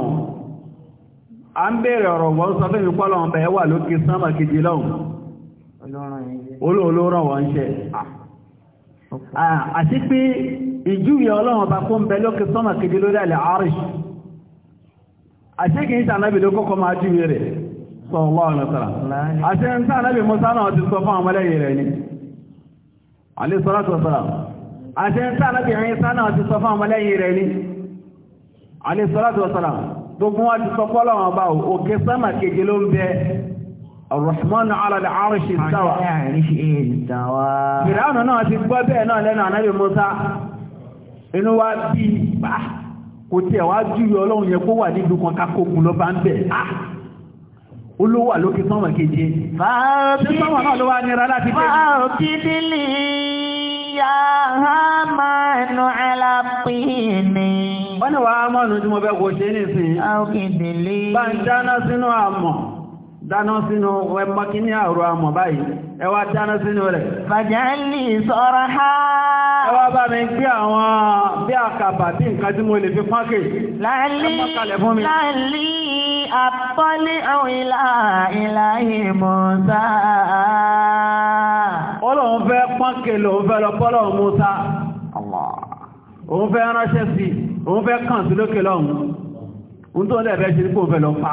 A ń bèèrè ọ̀rọ̀ wọ́n sọ fún mi pọ́lọ̀ ọ̀bẹ̀ ìjúwe ọlọ́run ọba kó ń bẹ lókè sọ́mà kejì lórí àlẹ́ àárìṣ àṣẹ́kì ìta anábì ló kọ́kọ́ máa júwe rẹ̀ sallallahu alaihi wasallam àṣẹ ń tà anábì Musa náà ti sọ fún àwọn ẹlẹ́yìn rẹ̀ ni alẹ́ sọ́lá tó sọ́lá àṣẹ ń tà anábì Isa náà sọ fún àwọn ẹlẹ́yìn rẹ̀ ni alẹ́ sọ́lá tó sọ́lá gbogbo wọn ti على العرش استوى العرش استوى فرعون náà ti gbọ́ bẹ́ẹ̀ náà lẹ́nu ànábì Musa inú wa bí bá ah, kò tí ẹ̀wà júwe ọlọ́run yẹ kó wà ní ìlú kákókù lọ bá ń bẹ̀ ah olówó àlókè sánmà keje fàábí sánmà náà ló wá nira wọ́n ni wàá mọ́nu tí mo dáná sínú ẹmọ kí ní àrọ̀ àmọ̀ báyìí ẹ wá dáná sínú rẹ̀. fàjẹ́lì sọ́rọ̀ ha. ẹ wá bá mi gbé àwọn bí àkàbà bí nǹkan tí mo lè fi pánkè. láàlì àpọ́lé ọ̀wìlà ìlàyé mọ́sá. ọlọ́run fẹ́ pánkè lòun fẹ́ lọ bọ́lọ̀ mọ́sá. òun fẹ́ ránṣẹ́ sí òun fẹ́ kàn sí lókè lọ́hùn òun tó lẹ́ẹ̀fẹ́ ṣe ní fẹ́ lọ pa.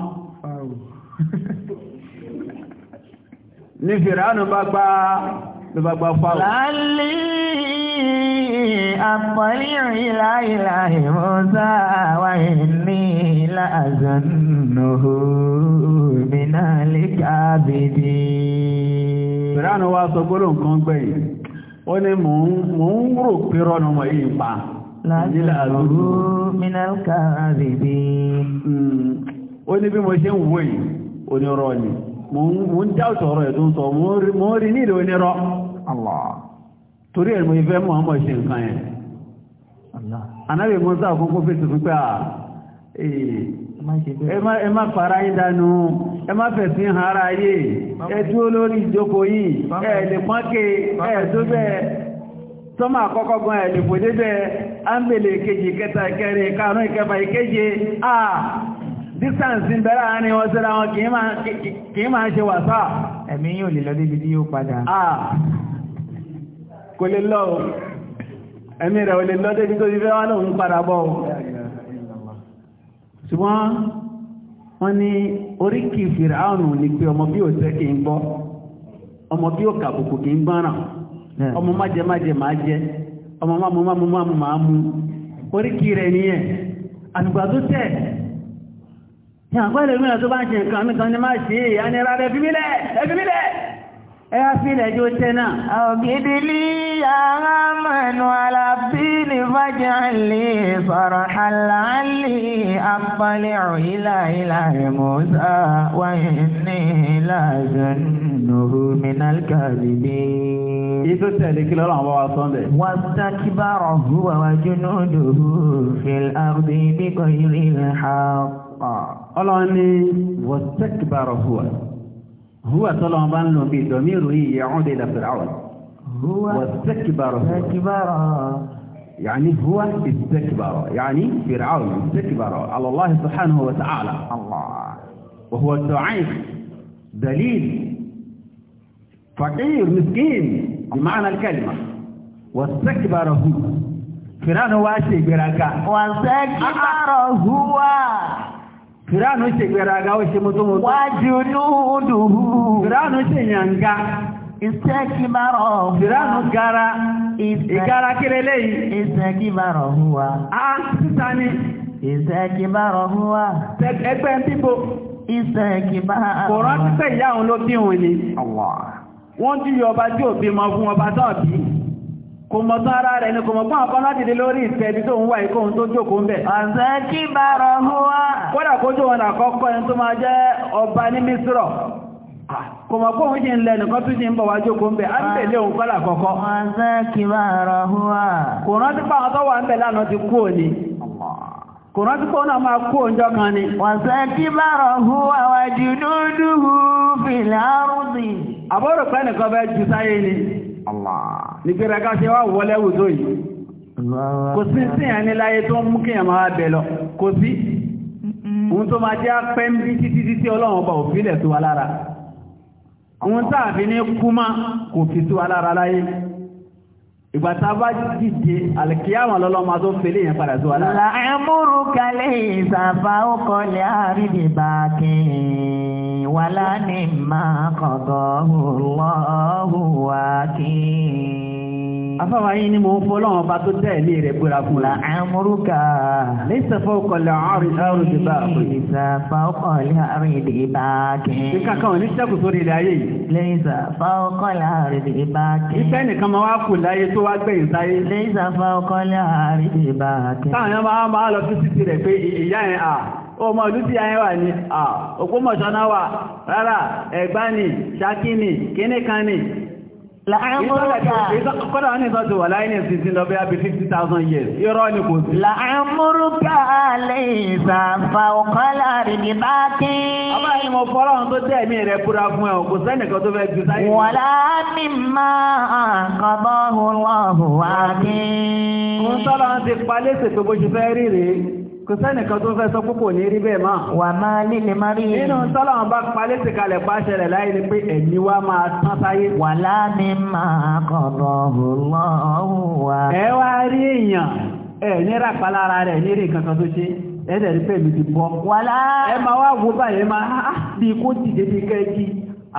ní fìránù bá gbá ló bá gbá fáwọn. lálẹ́ àpọ̀lẹ́rìn iláìláì mọ́sá wà ní láàzánù mìíràn lẹ́kà bèbè. fìránù wá sọ gbọ́dọ̀ nǹkan gbẹ̀yìn ó ní mò ń rò pé rọ́nà mọ̀ yìí pa. láàzánù mìíràn lẹ́kà bèbè. ó ní bí mo ṣe ń wò yìí onírọ́ ni. mo ń dá ọ̀tọ̀rọ̀ ẹ̀ tó sọ mo ń rí nílò onírọ́ Allah torí ẹ̀mọ̀ ìfẹ́ Muhammad ṣe nǹkan yẹn anábì Musa àkókò fèsì fún pé eh, ẹ má fara yín dànù ẹ má fẹ̀sí ara yé ẹ dúró lórí ìjókòó yìí ẹ lè pọ́nkè ẹ tó bẹ́ẹ̀ àkọ́kọ́ gan kejì kẹta distance ń bẹ láàrin wọn síra wọn kìí máa ṣe wàsá ẹ̀mí yóò lè lọ débi tí yóò padà kò lè lọ ẹ̀mí rẹ̀ ò lè lọ débi tó ti fẹ́ wá lóun padà bọ̀ ṣùgbọ́n wọ́n ní oríkì ní pé ọmọ bí ọmọ bí ọmọ máa jẹ Ìyàpẹ́lẹ̀ mìíràn tó bá ń ṣe nǹkan mìkan ni máa ṣe ìyá ní rárẹ̀ fíbílẹ̀, ẹ̀fíbílẹ̀ ẹwà fílẹ̀ jó tẹ́nà. ọ̀gidìlì àhámẹ́nu alábílì fájàlì sọ̀rọ̀ aláàlì apalẹ̀ ìlà ìlà Musa wáyé ní ìlà ìjọ́nùrù mìnàlkàbìbì. Ìtò tẹ̀lé kí lọ́rọ̀ àwọn asọ́ndẹ̀. Wọ́n sákìbárọ̀ hùwà wájú náà dòrò fìlàbí bí kò yìí rí ọlọ́ni wọ́n هو طلع بانلو بضميره يعود إلى فرعون هو واستكبر استكبر يعني هو استكبر يعني فرعون استكبر على الله سبحانه وتعالى الله وهو ضعيف دليل فقير مسكين بمعنى الكلمة واستكبر هو فرعون هو أشي بركة واستكبر هو Fìránù ṣe gbẹ̀rẹ̀gá ó ṣe mọ́tọ́mọ́tọ́. Wájú núdù. Fìránù ṣe yànga. Ìṣẹ́kìbárọ̀ hùwà. Fìránù gara. Ìgara kéré léyìí. Ìṣẹ́kìbárọ̀ hùwà. A sísá ni. Ìṣẹ́kìbárọ̀ hùwà. Ẹgbẹ́ bíbo. Ìṣẹ́kìbárọ̀ hùwà. Kò rántí pé ìyá òun ló bí òun ni. Wọ́n jí ọba tí òbí mọ fún ọba tó bí kò mọ̀ tán ara rẹ̀ ni kò mọ̀ fún àkọ́ láti dé lórí ìtẹ́bí tó ń wà ikọ́ ohun tó jókòó ń bẹ̀. ọ̀sẹ̀ kí bára mú wá. kódà kó jò wọn àkọ́kọ́ ẹni tó máa jẹ́ ọba ní mísírọ̀ kò mọ̀ fún òun jẹ́ nìkan tó jẹ́ ń bọ̀ wá jókòó ń bẹ̀ á ń tẹ̀lé òun kọ́là kọ́kọ́. ọ̀sẹ̀ kí bára mú wá. kò rántí pàwọn tó wà ń bẹ̀ lánàá ti kú òní kò rántí pọ́ náà máa kú òǹjọ́ kan ni. wàṣẹ kí bá rọ̀ hu àwàjù dúdú fìlà rúdì. àbọ̀rò pẹ́ nìkan bẹ́ẹ̀ jù sáyé ni. Allah nìgbéraga ṣe wá wọlé wùdó yìí kò sí sí ẹni láyé tó ń mú kí ẹ̀mà wá bẹ̀ lọ kò sí ohun tó máa jẹ́ pẹ́ ń bí títí títí ọlọ́run bá òfílẹ̀ tó wà lára ohun tààfin ní kúmá kò fi tó wà lára láyé ìgbà tá a bá dìde àlìkíyàmọ̀ lọ́lọ́mà tó fẹ́lẹ̀ yẹn padà tó wà lára. làmúrú kalẹ̀ ìsàfà ó kọlẹ̀ àrídì bàákì wàlá ní máa kọ̀dọ̀ ọ̀hún lọ́hùn wákìí afáwa yìí ni mò ń fọ́ lọ́wọ́n ọba tó tẹ̀lé rẹ̀ búra fún la. àmúrúkà. lẹ́sẹ̀ fọ́ kọlẹ̀ àrùn àrùn ti bá a kò. lẹ́sẹ̀ kọlẹ̀ àrùn ti bá kẹ́. ìka kan ní sẹ́kù sórí ilẹ̀ ayé yìí. lẹ́sẹ̀ fọ́ kọlẹ̀ àrùn ti bá a kẹ́. ìfẹ́ nìkan máa wá kù láyé tó wá gbẹ̀yìn sáyé. lẹ́sẹ̀ fọ́ kọlẹ̀ àrùn ti bá a ayé wà ní à ògbómọ̀ṣọ́ná wà rárá ẹ̀gbá ni ṣákí ni kíníkan ni Kọ́dà wọ́n ní sọ ti wà láyé ní ìsìn sí Láàmúrúkà lè sàfà ọ̀kọ́lá rí ní bá kí. Ọba ni mo fọ́rọ̀ tó tẹ́ mi rẹ̀ búra fún ẹ̀ kò sẹ́nìkan tó fẹ́ jù sáyé. Wọ́n láàmì máa kò sẹ́nìkan tó fẹ́ sọ púpọ̀ ní rí bẹ́ẹ̀ máa wà máa lílẹ̀ marí nínú tọ́lọ̀wọ̀n bá palẹ́ ti kalẹ̀ pàṣẹ rẹ̀ láì ní pé ẹ̀mí wá máa tán sáyé wà láàmì máa kọ̀rọ̀ ọ̀hún wà ẹ wá rí èèyàn ẹ̀ nírà palára rẹ̀ nírì kankan tó ṣe ẹ̀dẹ̀ rí pé mi ti bọ́ ẹ máa wá wo báyìí máa ah, ah, bí kó dìde bí kẹ́ẹ̀kì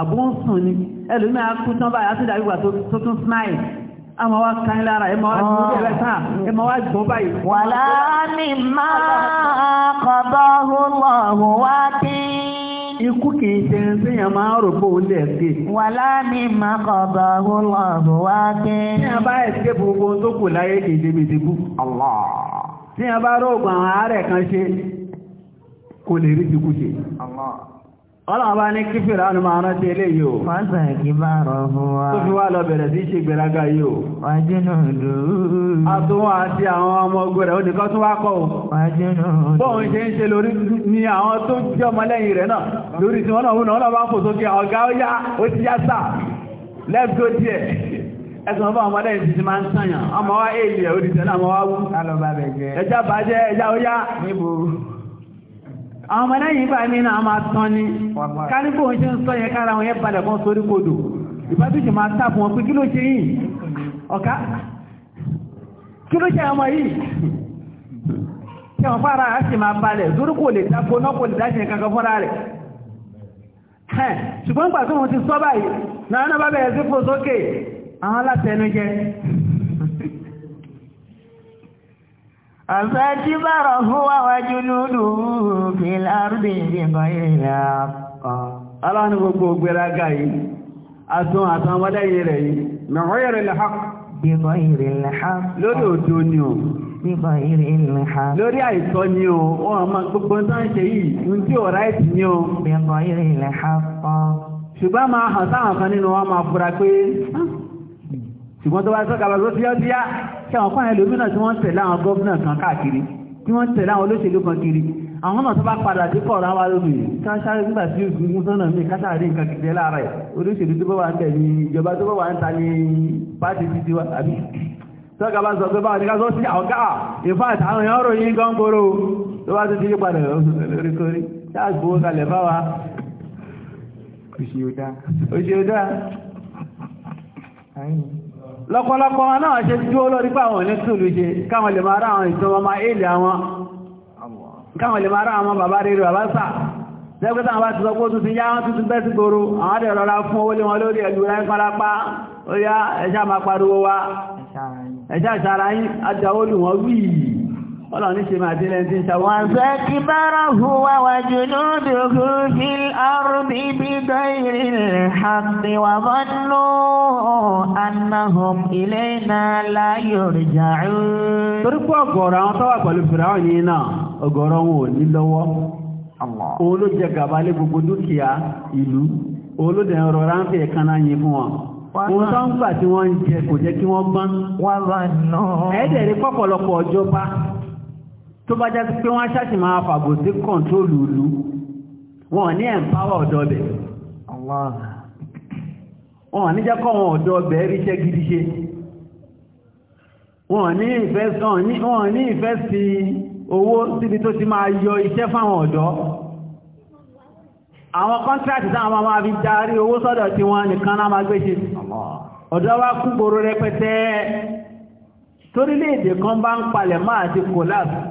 àbúnsùn ni ẹlòmíà kú tán báyìí smile a ma kan lára ẹ ma wá gbọ́n ah. bẹ́ẹ̀ sáà ẹ ma wá gbọ́n báyìí. wàlá ni máa kọ́dọ̀ ọ̀hún wá dé. Ikú kìí ṣe ń síyàn máa rò bó lè dé. Wàlá ni máa kọ̀dọ̀ ọ̀hún wá dé. Ní àbá ẹ̀sìkẹ́ gbogbo tó kù láyé kìí ṣe bèèrè bú. Tí a bá rògbọ̀n àárẹ̀ kan ṣe, kò lè rí ti kú ṣe ọlọ́run bá ní kífìrà ọ̀nà máa rántí ilé yóò fásà kí rọ̀ fún wa tó fi wá lọ bẹ̀rẹ̀ sí ṣe gbẹ̀rẹ̀gà yóò wájínú dùn àtúnwà àti àwọn ọmọ ogun rẹ̀ ó nìkan tún wá kọ́ o wájínú dùn bóun ṣe ń ṣe lórí ni àwọn tó jẹ́ ọmọlẹ́yìn rẹ̀ náà lórí tí wọ́n náà wúnà ọlọ́run bá fò sókè ọ̀gá ó yá ó ti yá sà let's go díẹ̀ ẹ̀sùn ọba ọmọdé ìsìnkú máa ń sànyàn ọmọ wa èèlì ẹ̀ ó dìtẹ̀ náà ọmọ wa wú ẹjá bàjẹ́ ẹjá ó yá níbo àwọn ọmọ lẹ́yìn ìgbà ní náà máa tán ní kánífò ń ṣe ń sọ yẹ kára wọn yẹ balẹ̀ kan sórí kodò ìbátújì máa tàbí wọn pé kí ló ṣe yìí ọ̀ká kí ló ṣe ọmọ yìí tí wọ́n fara á sì máa balẹ̀ sórí kò lè dáko náà kò lè dáṣẹ kankan fọ́nra rẹ̀ ṣùgbọ́n gbà tó wọn ti sọ báyìí náà náà bá bẹ̀rẹ̀ sí fò sókè àwọn alátẹnujẹ فاعتبره وجنوده في الأرض بغير حق aláwọn gbogbo gbéraga yìí àtún àtún ọmọdéyìn rẹ̀ yìí mẹ̀wọ́yẹ̀rẹ̀ lẹ́hàk bíbọ̀ ìrìn lẹ́hàk lórí òdo ni o bíbọ̀ ìrìn lẹ́hàk lórí àìsọ́ ni o wọ́n ma gbogbo tó ń ṣe yìí ní ṣùgbọ́n tó bá sọ kàbà tó tíyá tíyá tí àwọn kan ẹlòmínà tí wọ́n tẹ̀lé àwọn gọ́ọ̀nà kan káàkiri tí wọ́n tẹ̀lé àwọn olóṣèlú kan kiri àwọn náà tó bá padà sí kọ̀ọ̀rọ̀ àwọn alómi káṣáré nígbà tí ogun sọ́nà mi káṣáré nǹkan kìkẹ́ lára ẹ̀ olóṣèlú tó bá wà ń tẹ̀ ní ìjọba tó bá wà ń ta ní pátì títí wa àbí tọ́ka bá sọ pé báwọn ní ká sọ sí àwọn káà ìfà àtàwọn èèyàn ròyìn gan kóró tó bá tó ti yí padà lórí kórí ṣáàṣì gbowó kalẹ̀ fáwa òṣèlú dá òṣèlú dá lọ́pọ̀lọpọ̀ wọn náà ṣe dúó lórí pé àwọn ní túlù ṣe káwọn lè máa rá àwọn ìtọ́ ọmọ èlì àwọn káwọn lè máa rá àwọn bàbá rere bàbá sà lẹ́gbẹ́ta àwọn bá ti sọpọ̀ tún ti yá wọn tuntun bẹ́ sí gbòrò àwọn adẹ̀ fún owó lé wọn lórí ẹ̀lú ráńkálápá Ọlọ́run ní ṣe máa dé lẹ́ndí ṣàwọn. Wọ́n fẹ́ kí bára huwa wà jù lóòdù hù sí ọrùn bíbí dọ́ìrì hàbí wà mọ́nú annahum ilé náà láyò rìjà rú. Torí pé ọ̀gọ̀rọ̀ àwọn tó wà pẹ̀lú Fìràwọ̀ yìí náà, ọ̀gọ̀rọ̀ wọn ò ní lọ́wọ́. Òun wọ́n tó gbà tí wọ́n jẹ kò jẹ́ kí wọ́n gbọ́n. wọ́n bá nù. ẹ̀ẹ́dẹ̀ẹ́dẹ́ pọ̀pọ̀lọpọ̀ ọjọ́ bá tó bá jásí pé wọ́n ṣáṣì máa fàbò sí kọ̀ntólù ìlú wọ́n ní ẹ̀mpáwà ọ̀dọ́ bẹ̀ wọ́n ní jẹ́kọ́ wọn ọ̀dọ́ bẹ̀ rí iṣẹ́ gidi ṣe wọ́n ní ìfẹ́ sí owó síbi tó ti máa yọ iṣẹ́ fáwọn ọ̀dọ́ àwọn kọ́ntrátì táwọn máa fi darí owó sọ́dọ̀ tí wọ́n nìkan náà máa gbé ọ̀dọ́ wá kúgbòrò rẹpẹtẹ torílẹ̀-èdè kan bá ń palẹ̀ máa ti collapse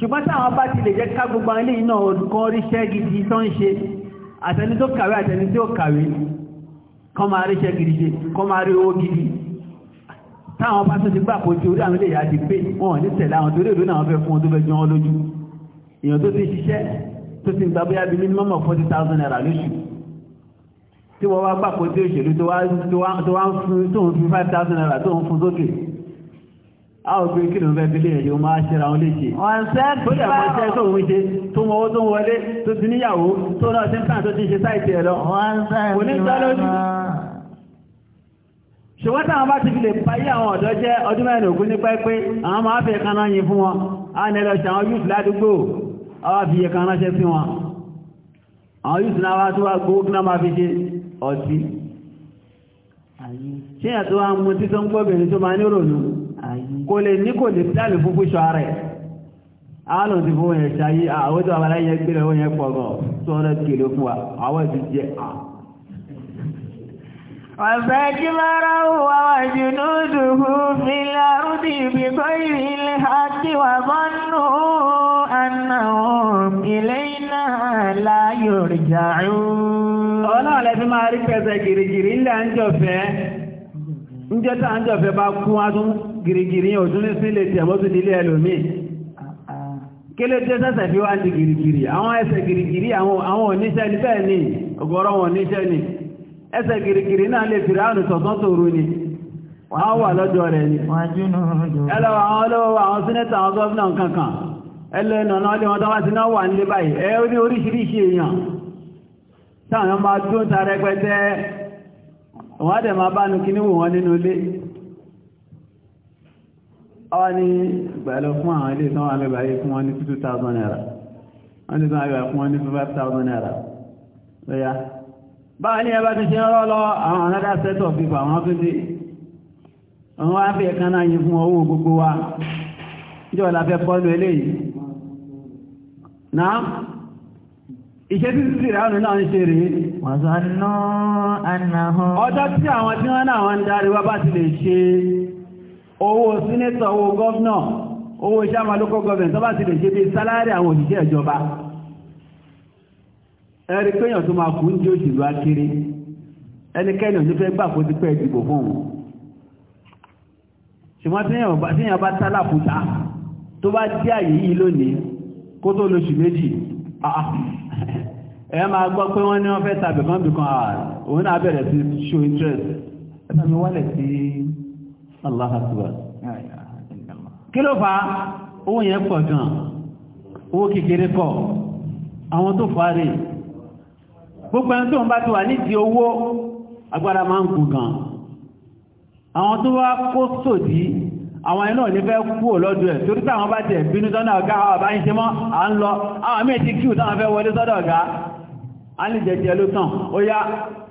ṣùgbọ́n táwọn bá ti lè jẹ́ ká gbogbo ilé iná olùkọ́ ríṣẹ́ gidi tó ń ṣe àtẹni tó kàwé àtẹni tí ó kàwé kọ́ máa ríṣẹ́ gidi ṣe kọ́ máa rí owó gidi táwọn bá tó ti gbà kó ju orí àwọn ilé ìyá ti pé wọn ní tẹ̀lé àwọn torí èdè náà fẹ́ fún tó fẹ́ jọ wọn forty thousand naira lóṣù tí wọ́n wá gbà kó tí òṣèlú tó wá thousand naira tóun fún sókè àwọn ògbé kí ló ń fẹ́ bílé ẹ̀yọ́ máa ṣe ra wọn léṣe tó dẹ̀ mọ́ iṣẹ́ tó ń ṣe tó mọ́ owó tó ń wọlé tó ti níyàwó tó náà ṣe ń tàn tó ti ṣe sáìtì ẹ̀ lọ kò ní gbá lójú ṣùgbọ́n táwọn bá ti fi lè parí àwọn ọ̀dọ́ jẹ́ ọdún mẹ́rin ògún ní pẹ́pẹ́ àwọn máa fẹ́ kaná yin fún wọn a ní ẹlọ ṣe àwọn yúùsù ládùúgbò àwọn fi yẹ kaná ṣe sí wọn àwọn yúùsù náà wá tó wá gbówó kí náà máa fi ṣe ọtí ṣíyàn tó wá mú títọ́ ń gbọ́bìnrin tó máa ní rònú kò lè ní kò lè pílànì fún píṣọ rẹ̀ àwọn òsì fún òyìn ṣayé àwọn tó àbáláyé yẹn gbé lọ́wọ́ yẹn pọ̀ gan tó ọ̀nà kéré fún wa àwọn ti jẹ Ọ̀fẹ́ kí mára wà wà jùlọ dùgbù fi lárúdì bí kọ́ ìrìnlẹ̀ àti wà bọ́nù ànàwọn ilé iná láyò rìjà rún. Ọ̀nà ọ̀lẹ́fí máa rí pẹ̀sẹ̀ gìrìgìrì ńlẹ̀ ń jọ̀fẹ́, ń jọ́ta ń jọ̀fẹ́ bá kún adún gìrìgìrì yóò tún ní sílé tí ẹmọ́ tún nílé ẹlòmí kílé tí ẹsẹ́sẹ̀ fi wá ń di gìrìgìrì àwọn ẹsẹ̀ gìrìgìrì àwọn oníṣẹ́ ní bẹ́ẹ̀ ni ọgọ́rọ̀ wọn oníṣẹ́ ni ẹsẹ̀ gìrìgìrì náà lè fìrì àwọn ìtọ̀tọ̀ tòru ni wọ́n wà lọ́jọ́ rẹ̀ ni ẹlọ́wọ́ àwọn olówó àwọn sínẹ́tà àwọn gọ́ọ̀nà kankan ẹlẹ́nà náà lè wọ́n tọ́wọ́ máa dún tarẹ́pẹ́tẹ́ wọ́n á wọn nínú ilé ọwá ní ìgbàlọ fún àwọn ilé ìsanwó amẹ́bàáyé fún wọn ní 2000 naira wọ́n ní sọ àgbà fún wọn ní 5000 naira lọ́yá báwọn ní ẹbá ti ṣe rọ́ lọ àwọn another set of people àwọn tó dé wọ́n wá fi ẹ̀kan náà yìí fún owó gbogbo wa jọ́ la fẹ́ fọ́lù eléyìí náà ìṣẹ́ títí sí ìránù náà ń ṣe rèé wọ́n sọ náà ọjọ́ tí àwọn tí wọ́n náà wọ́n ń darí wá bá ti lè ṣe owó sínétọ̀ owó gọ́ọ̀nà owó iṣẹ́ àwọn local government tó bá ti lè ṣe bí sálárì àwọn òṣìṣẹ́ ìjọba ẹ̀rí péyàn tó máa kú ń jí òṣèlú akiri ẹnikẹ́ni òní fẹ́ gbà kó ti pẹ́ ìdìbò fún òun ṣùgbọ́n tíyàn bá tálà fúta tó bá dí àyè yìí lónìí kó tó lóṣù gbọ́ pé wọ́n ní wọ́n fẹ́ tàbí kan bìkan òun náà bẹ̀rẹ̀ sí show interest ẹ mi wálẹ̀ sí Allah akbar kí ló fa owó yẹn pọ̀ gan owó kékeré pọ̀ àwọn tó fa rè gbogbo ẹni tó ń bá ti wà nídìí owó agbára máa ń kù gan àwọn tó wá kó sòdí àwọn ẹni náà ní fẹ́ kú lọ́dọ̀ ẹ̀ torí táwọn bá tẹ̀ bínú sọ́nà ọ̀gá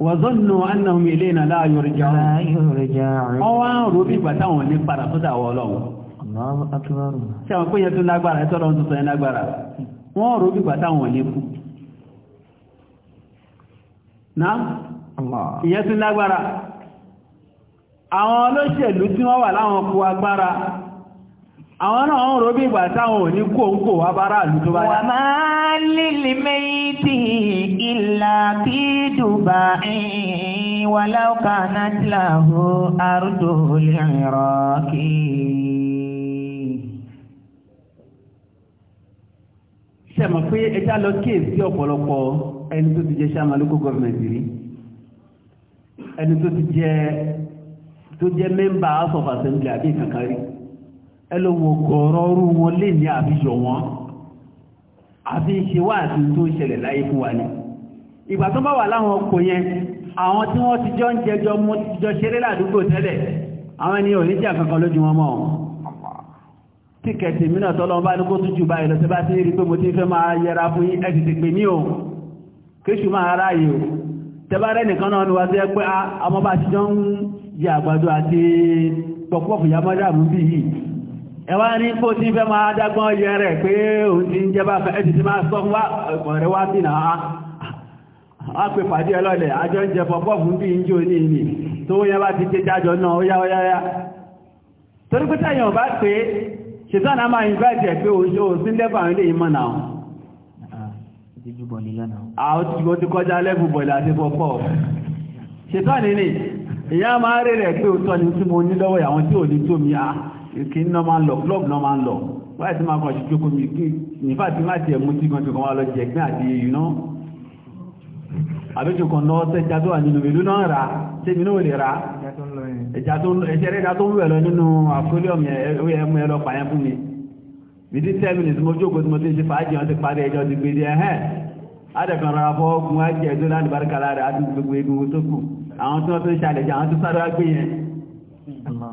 وظنوا أنهم إلينا لا يرجعون لا يرجعون أوان روبي بتاون ní para sọ́dọ̀ àwọn Ọlọ́run Allahu akbar ṣé àwọn pé yẹn tún lágbára ẹ tọrọ tún sọ yẹn lágbára wọ́n rò bí olóṣèlú tí wọ́n wà láwọn kú agbára àwọn náà wọ́n rò bí gbàtà ò ní kó ń kó wá bára àlú wà máa lílì mẹ́yìn bíìtì ìlà kí dùbà ẹ̀yìn wà láwùká nájìláhù àrùdò lẹ́rọ̀kì. sẹ́mọ̀ pé ẹjá lọ kíyèsí ọ̀pọ̀lọpọ̀ ẹni tó ti jẹ́ sáàmà lókò gọ́ọ̀mẹ̀ntì rí ẹni tó ti jẹ́ tó jẹ́ mẹ́mbà house of àbí ìkankan rí gọ̀ọ̀rọ̀ ọrú wọn lè ní àbíyọ wọn àfi ṣe wá àti tó ń ṣẹlẹ̀ láyé fún wa ni ìgbà tó bá wà láwọn ọkọ̀ yẹn àwọn tí wọ́n ti jọ ń jẹjọ mú ti jọ ṣeré ládùúgbò tẹ́lẹ̀ àwọn ènìyàn oníjà kankan lójú wọn mọ́ tíkẹ̀tì mìíràn tọ́lọ́ bá ní kó tújù báyìí lọ sí bá ti rí pé mo ti fẹ́ máa yẹra fún yín ẹ tètè pè mí o kéṣù máa ráyè o tẹ́bárẹ́ nìkan náà ni wá sí ẹgbẹ́ ah, ọmọ bá ti jọ ń jẹ àgbàdo àti pọ̀pọ̀ fìyàmọ́dà mú bí yìí ẹwà ní kó tí fẹ́ máa dágbọ́n yẹ rẹ̀ pé òun ti ń jẹba ẹ̀tì tí máa sọ ọ̀rẹ́ wá sí náà á pè pàdé ẹlọ́lẹ̀ àjọ ń jẹ pọ̀pọ̀ fún bí ń jò ní ìní tó yẹ bá ti tẹ́ jájọ náà ó yá ọyáyá torí pé ni ìyá máa rẹ̀ rẹ̀ pé òtọ́ ni tí mo ní lọ́wọ́ àwọn tí ò ní tó mi á kí ní ọmọ lọ club náà máa lọ wáyé tí máa kàn ṣe jókòó mi kí nífà tí máa ti ẹ̀mú tí gan tó kàn wá lọ jẹ pín àti èyí náà àbíjù kan náà tẹ́já tó wà nínú ìlú náà rà tẹ́mi náà lè rà ẹ̀jẹ̀ tó ń wẹ̀ lọ nínú àkólé ẹ̀rọ pààyàn fún mi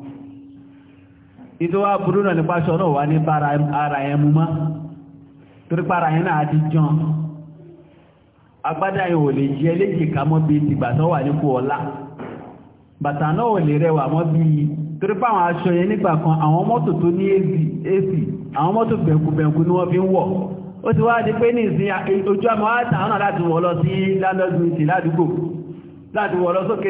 ìtò wá burú náà nípa ṣọ́rọ̀ wà ní ara ẹmu mọ́ torípa ara ẹ̀nà àti jọun agbádá ìwò lè jẹ́ léjì ká mọ́ bí ìgbà tó wà ní kú ọlá bàtà náà ò lè rẹwà mọ́ bí torípa àwọn aṣọ yẹn nígbà kan àwọn mọ́tò tó ní èsì àwọn mọ́tò bẹ̀kùbẹ̀kù ni wọ́n fi ń wọ̀ ó ti wá di pé ní ìsìn ojú àmọ́ àtàwọn láti wọ̀ lọ sí landlord meeting ládùúgbò láti wọ̀ lọ sókè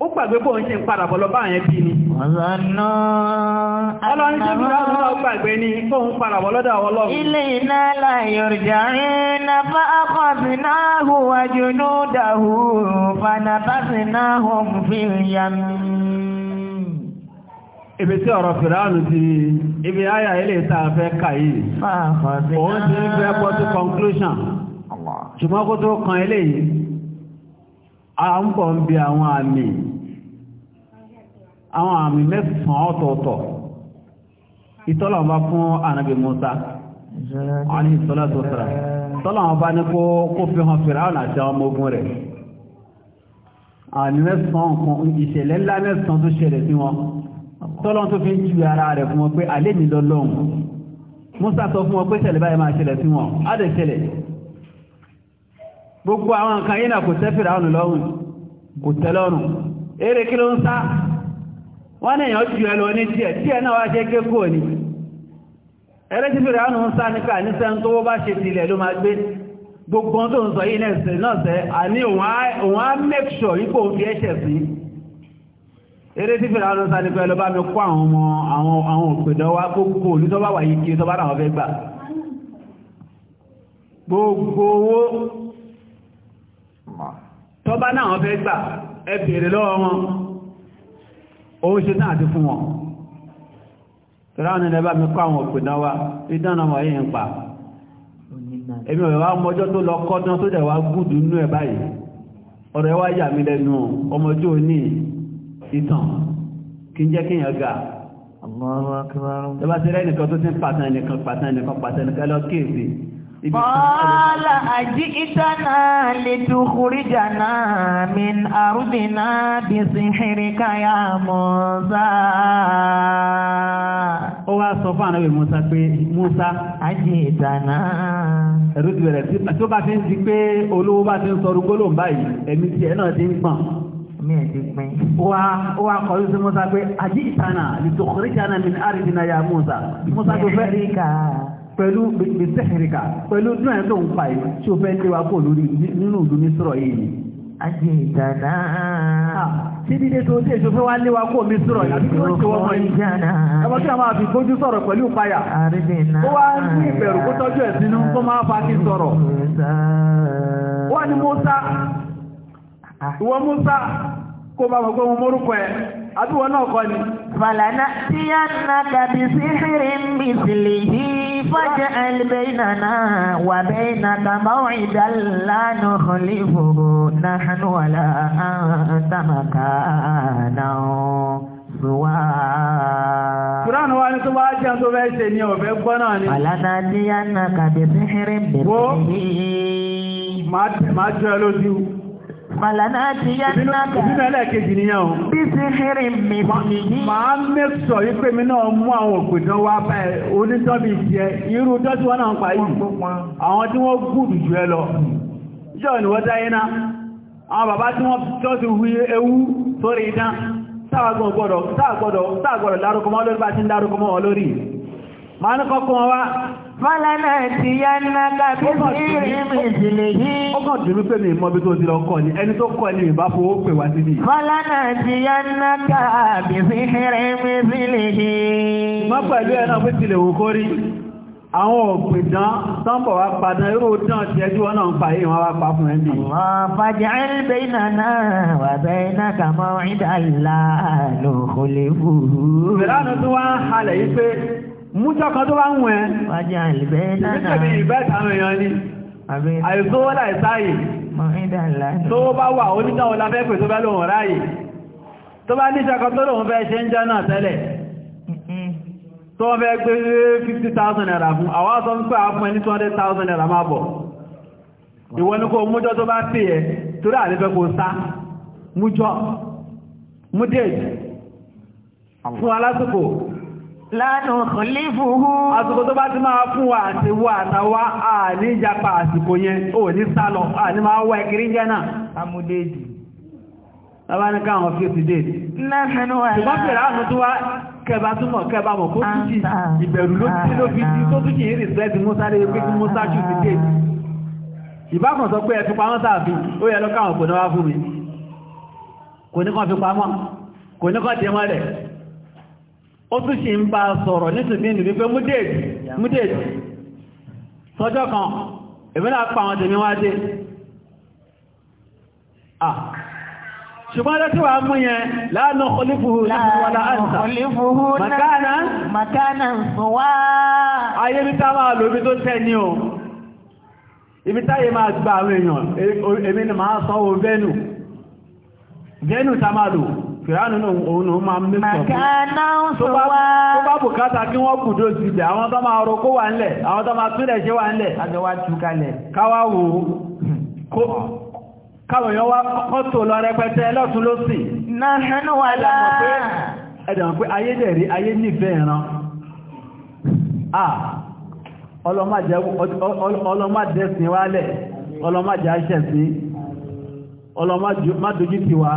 ó gbàgbé bóun ṣe ń padà bọ̀ lọ bá àyẹn bí ni ibi tí ọ̀rọ̀ fìránù ti ibi ayà ilé ìta fẹ́ kàyí òun ti ń fẹ́ pọ́ sí conclusion ṣùgbọ́n kó tó kan eléyìí a ń bọ̀ ń bi àwọn àmì àwọn àmì mẹ́sàn-án ọ̀tọ̀ọ̀tọ̀ ìtọ́lọ̀ bá fún ànábì Musa àní ìtọ́lọ̀ tó sọ̀rọ̀ tọ́lọ̀ bá ní kó kó fi hàn fèrè àwọn àti àwọn ọmọ ogun rẹ̀ àmì mẹ́sàn-án ìṣẹ̀lẹ̀ ńlá mẹ́sàn-án tó ṣẹlẹ̀ sí wọn tọ́lọ̀ Musa sọ fún wọn pé ṣẹlẹ̀ báyìí máa ṣẹlẹ̀ sí wọn á dẹ̀ ṣẹlẹ̀ gbogbo àwọn nǹkan kí ló ń sá wọ́n ní èyàn jù ẹlọ ní díẹ̀ tí ẹ náà wá ṣe kékò ní ẹlẹ́tí fèrè ánù ń sáà nípa ní sẹ́n tó bá ṣe tilẹ̀ ló máa gbé gbogbo tó ń sọ yìí nẹ́sẹ̀ náà sẹ́ àní òun á make sure ipò fi ẹ́ṣẹ̀ sí ẹlẹ́tí fẹ́ gbà gbogbo lọ́wọ́ wọn owó ṣe náà ti fún wọn tìránì lẹ́bàá mi kọ́ àwọn òpìnà wa ìdáná wọ̀ yìí ń pa èmi ọ̀rẹ́ wa mọjọ́ tó lọ kọ́dán tó dẹ̀ wá gùdù nínú ẹ̀ báyìí ọ̀rẹ́ wa yà mí lẹ́nu ọmọjú òní ìtàn kí ń jẹ́ kí yàn ga tẹ́bá ti rẹ́ nìkan tó ti ń pàtàn nìkan pàtàn nìkan pàtàn nìkan Kọ́lá àjíìtánà lè dúkúrí jàná min àrùdínà bí sí ṣíríkà ya Mùsá. Ó wá sọ fún àwọn Mùsá pé Mùsá. Àjíìtánà. Ẹ̀rù ti bẹ̀rẹ̀ tí ó bá fi ń di pé olówó bá ti ń sọ rúgbólò báyìí, ẹ̀mí ti ẹ̀ náà ti ń gbọ̀n. Ẹ̀mí ẹ̀ ti pín. Wá ó wá kọ̀ lóṣù Mùsá pé àjíìtánà lè dúkúrí jàná min àrùdínà ya Mùsá. Mùsá tó fẹ́ pẹ̀lú bìtẹ́hìrìkà pẹ̀lú dún ẹ̀ tó ń pa yìí tí o fẹ́ lé wa kó lórí nínú ìlú ní sọ̀rọ̀ yìí ni. ajé ìdáná. tí dídé tó dé ìṣòfẹ́ wa lé wa kó mi sọ̀rọ̀ yàtí tó ń ṣe wọ́n yìí. ẹ̀fọ́ kí a máa fi gbójú sọ̀rọ̀ pẹ̀lú فلنأتينك بسحر مثله فاجعل بيننا وبينك موعدا لا نخلفه نحن ولا أنت مكانا Kùránù wa ní tó bá jẹ́ tó bẹ́ ṣe ní ọ̀fẹ́ gbọ́ náà ni. Àlànà tí yá náà kàbí sí ṣírí bèbè yìí. Máa jẹ́ lójú. Màlànà ti yá ní náà. Ìbínú ẹlẹ́ẹ̀kejì nìyàn o. Bí ti hírí mi bọ̀ nìyí. Màá make sure yí pé mi náà mú àwọn òpìdán wá bá ẹ onítọ́bí jẹ irú dọ́tí wọn náà ń pa yìí. Àwọn tí wọ́n gùdù jù ẹ lọ. Ìjọ́ ni wọ́n dáyé náà. Àwọn bàbá tí wọ́n tọ́sí hu ewu sórí idán. Sáàgbọ̀n gbọ́dọ̀ sáàgbọ̀dọ̀ sáàgbọ̀dọ̀ lárúkọmọ́ lórí bá ti ń lárúkọmọ́ wọn lórí. Màá ní kọ́kọ́ wá Fọ́lẹ́nà ti yá ná kábí sí ìrìnmì ìsìnlẹ̀ yìí. Ó kàn dùn pé mi mọ́ bí tó ti lọ kọ́ ni, ẹni tó kọ́ ni ìbá fowó pè wá síbí. Fọ́lẹ́nà ti yá ná kábí sí ìrìnmì ìsìnlẹ̀ yìí. Má pẹ̀lú ẹ̀ náà pé tilẹ̀ wò kórí. Àwọn òpìdán sánbọ̀ wá padà irú dán ti ẹjú wọn ń pa èèyàn wá pa fún ẹ̀mí. Fàjá ẹ̀lẹ́bẹ̀ iná náà mújọ́ kan tó wá ń wẹ́ wájá ìbẹ́ látàrí ìbẹ́ tàwọn èèyàn ní àìsó wọ́n láìsáyè tó bá wà oníjáwọ́ lábẹ́pẹ̀ tó bá lóhun ráyè tó bá ní ìṣẹ́kan tó lóhun fẹ́ ṣe ń jẹ́ náà tẹ́lẹ̀ tó wọ́n fẹ́ gbé 50,000 naira fún àwọn sọ ń pẹ́ àfún ẹni 200,000 naira máa bọ̀ ìwọ mújọ́ tó bá pè ẹ torí àlefẹ́ kó sá mújọ́ múdèjì fún alásìkò Lánàá kòlí fúhú. Àsìkò tó bá ti máa fún wa àti wà àtàwà àní ìjapa àsìkò yẹn, ó ní sálọ, àní máa wà ìkiri jẹ́ náà. Amúdéèdì. Lábá ní káwọn fi ti dé. Lẹ́fẹ̀ẹ́nu wà láàá. Ṣùgbọ́n fèrè àwọn tó wá kẹba túmọ̀ kẹba mọ̀ kó tún jì ìbẹ̀rù ló ti ló fi di tó tún jì ìrìn sílẹ̀ ti Musa ó tún ṣe ń bá sọ̀rọ̀ nítorí ní wípé múdèdì múdèdì sọ́jọ́ kan èmi náà pa àwọn tèmi wá dé ṣùgbọ́n lọ́tí wà mú yẹn láàánú kọlífùhù láàánú kọlífùhù makana makana sọwá ayé bí tá máa lóbi tó tẹ́ ní o ibi táyé máa gba àwọn fìránù náà òun ma máa mẹ́sàn fún màkánà sọ́wọ́ tó bá bùkátà kí wọ́n kùdó sí ibẹ̀ àwọn tó máa roko wà nílẹ̀ àwọn tó máa túnlẹ̀ ṣe wà nílẹ̀ àjọwà túkalẹ̀ káwà wò ó káwọn èèyàn wá lọ́tún ló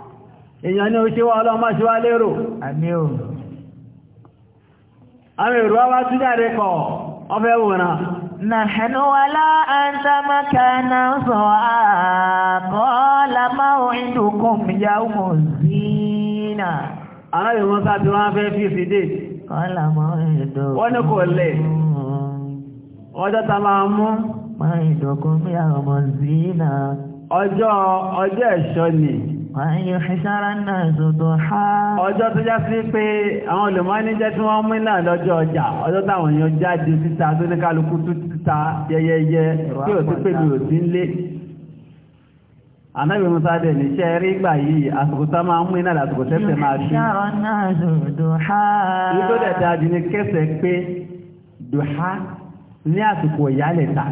èèyàn ní oṣe wá ọlọ́mọ ṣe wá lérò àwọn èrò wá tún jáde kọ̀ ọfẹ́ wòrán نحن ولا أنت مكانا سواء قال موعدكم يوم الزينة ọjọ́ ta máa mú. Máa ìdọ̀kún bí àwọn ọmọ sí náà. Ọjọ́ ọjọ́ ẹ̀ṣọ́ ni ọjọ́ tó já sí pé àwọn olùmọ́ni jẹ́ tí wọ́n mú náà lọ́jọ́ ọjà ọjọ́ táwọn èèyàn jáde síta tó ní kálukú tó títa yẹyẹyẹ tí ò sí pé mi ò sí ń lé ànábì musa dẹ̀ ní iṣẹ́ rí gbà yìí àsìkò tá máa ń mú iná àsìkò tẹ́sẹ̀ máa ṣí ní tó dẹ̀ dájú ní kẹsẹ̀ pé dùhá ní àsìkò ìyálẹ̀ta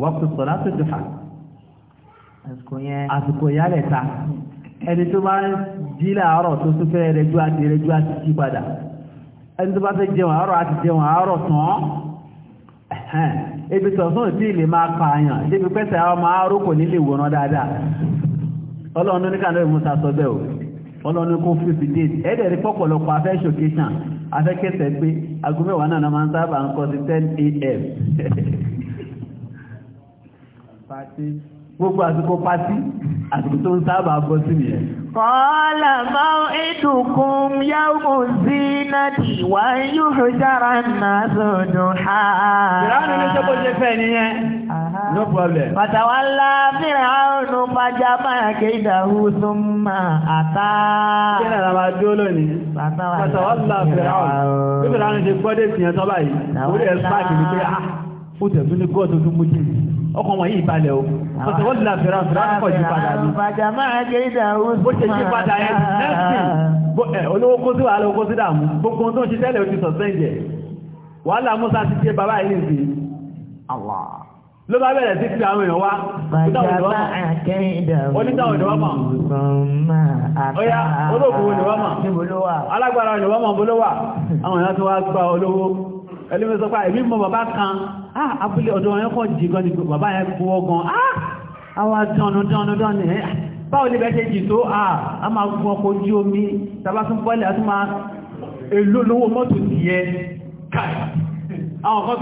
wọ́pù sọ̀rọ̀ dùhá àsìkò ìyálẹ̀ ta ẹni tó bá ń jí láàárọ̀ tó tún fẹ́ rẹjú àti rẹjú àti jí padà ẹni tó bá fẹ́ jẹun àárọ̀ àti jẹun àárọ̀ tán ebi tọ̀sán tí ilé máa pààyàn débi pẹ́sẹ̀ àwọn máa rókò nílé ìwòrán dáadáa ọlọ́run ní kàlọ́ ìmúta sọ bẹ́ẹ̀ o ọlọ́run kó fífi déètì ẹ̀ẹ́dẹ̀ rí pọ̀pọ̀lọpọ̀ afẹ́ ṣòkéṣàn afẹ́kẹ́sẹ̀ pé aago mẹ́wàá náà máa ń sábà ń kọ́ sí 10 a.m. gbogbo àsìkò pàtí àsìkò tó ń sábà bọ́ sí nìyẹn. kọ́ọ̀lá bá ìdùnkún yàwó sí náàdì wá yóò jára náà sọ̀dọ̀ ha. ìránù ní tó bójú fẹ́ nìyẹn. no problem. pàtàwà ńlá fìrà ọ̀nù pàjá báyà kéjà húsùn máa àtà. kí ni àlàbà dúró lónìí. pàtàwà ńlá fìrà ọ̀nù. bí fìrà ọ̀nù ṣe gbọ́dẹ̀ fìyàn tọ́ báyìí. ó lè pààkì ah, ní pé ó tẹ̀sùn ní gọ́ọ̀tù tó mú jìnnì ọkọ̀ wọ̀nyí ìbalẹ̀ o ọ̀sẹ̀ wọ́n lè fẹ́ràn fẹ́ràn kọ̀ yí padà ní. bàjàmá àgéyìdà oṣù bó ṣe yí padà yẹn nẹ́ẹ̀sì olówó kó sí wàhálà oko sí dààmú gbogbo tó ń ṣe tẹ́lẹ̀ oṣù sọ̀sẹ́ǹjẹ̀ wàhálà musa ti ṣe bàbá yìí nìsí ló bá bẹ̀rẹ̀ sí ti àwọn èèyàn wá bàjàmá àgéyìdà onídàwọn ìdọ̀wọ́mọ̀ ọ̀yá olóògùn ìdọ̀wọ́mọ̀ alágbára ìdọ̀wọ́mọ̀ ẹlẹ́mẹ́ sọ pé àìbí mọ bàbá kan ah, abúlé ọ̀dọ̀ wọn kọ́ jì ni bàbá yẹn kú ọgàn àwọn ah, dánù dánù dánù ẹ̀ eh, báwo lè bẹ́ jì tó ah, a máa gun ọkọ̀ ojú omi tàbá tún bọ́ọ̀lẹ̀ àti máa èlò lówó mọ́tò nìyẹn káì àwọn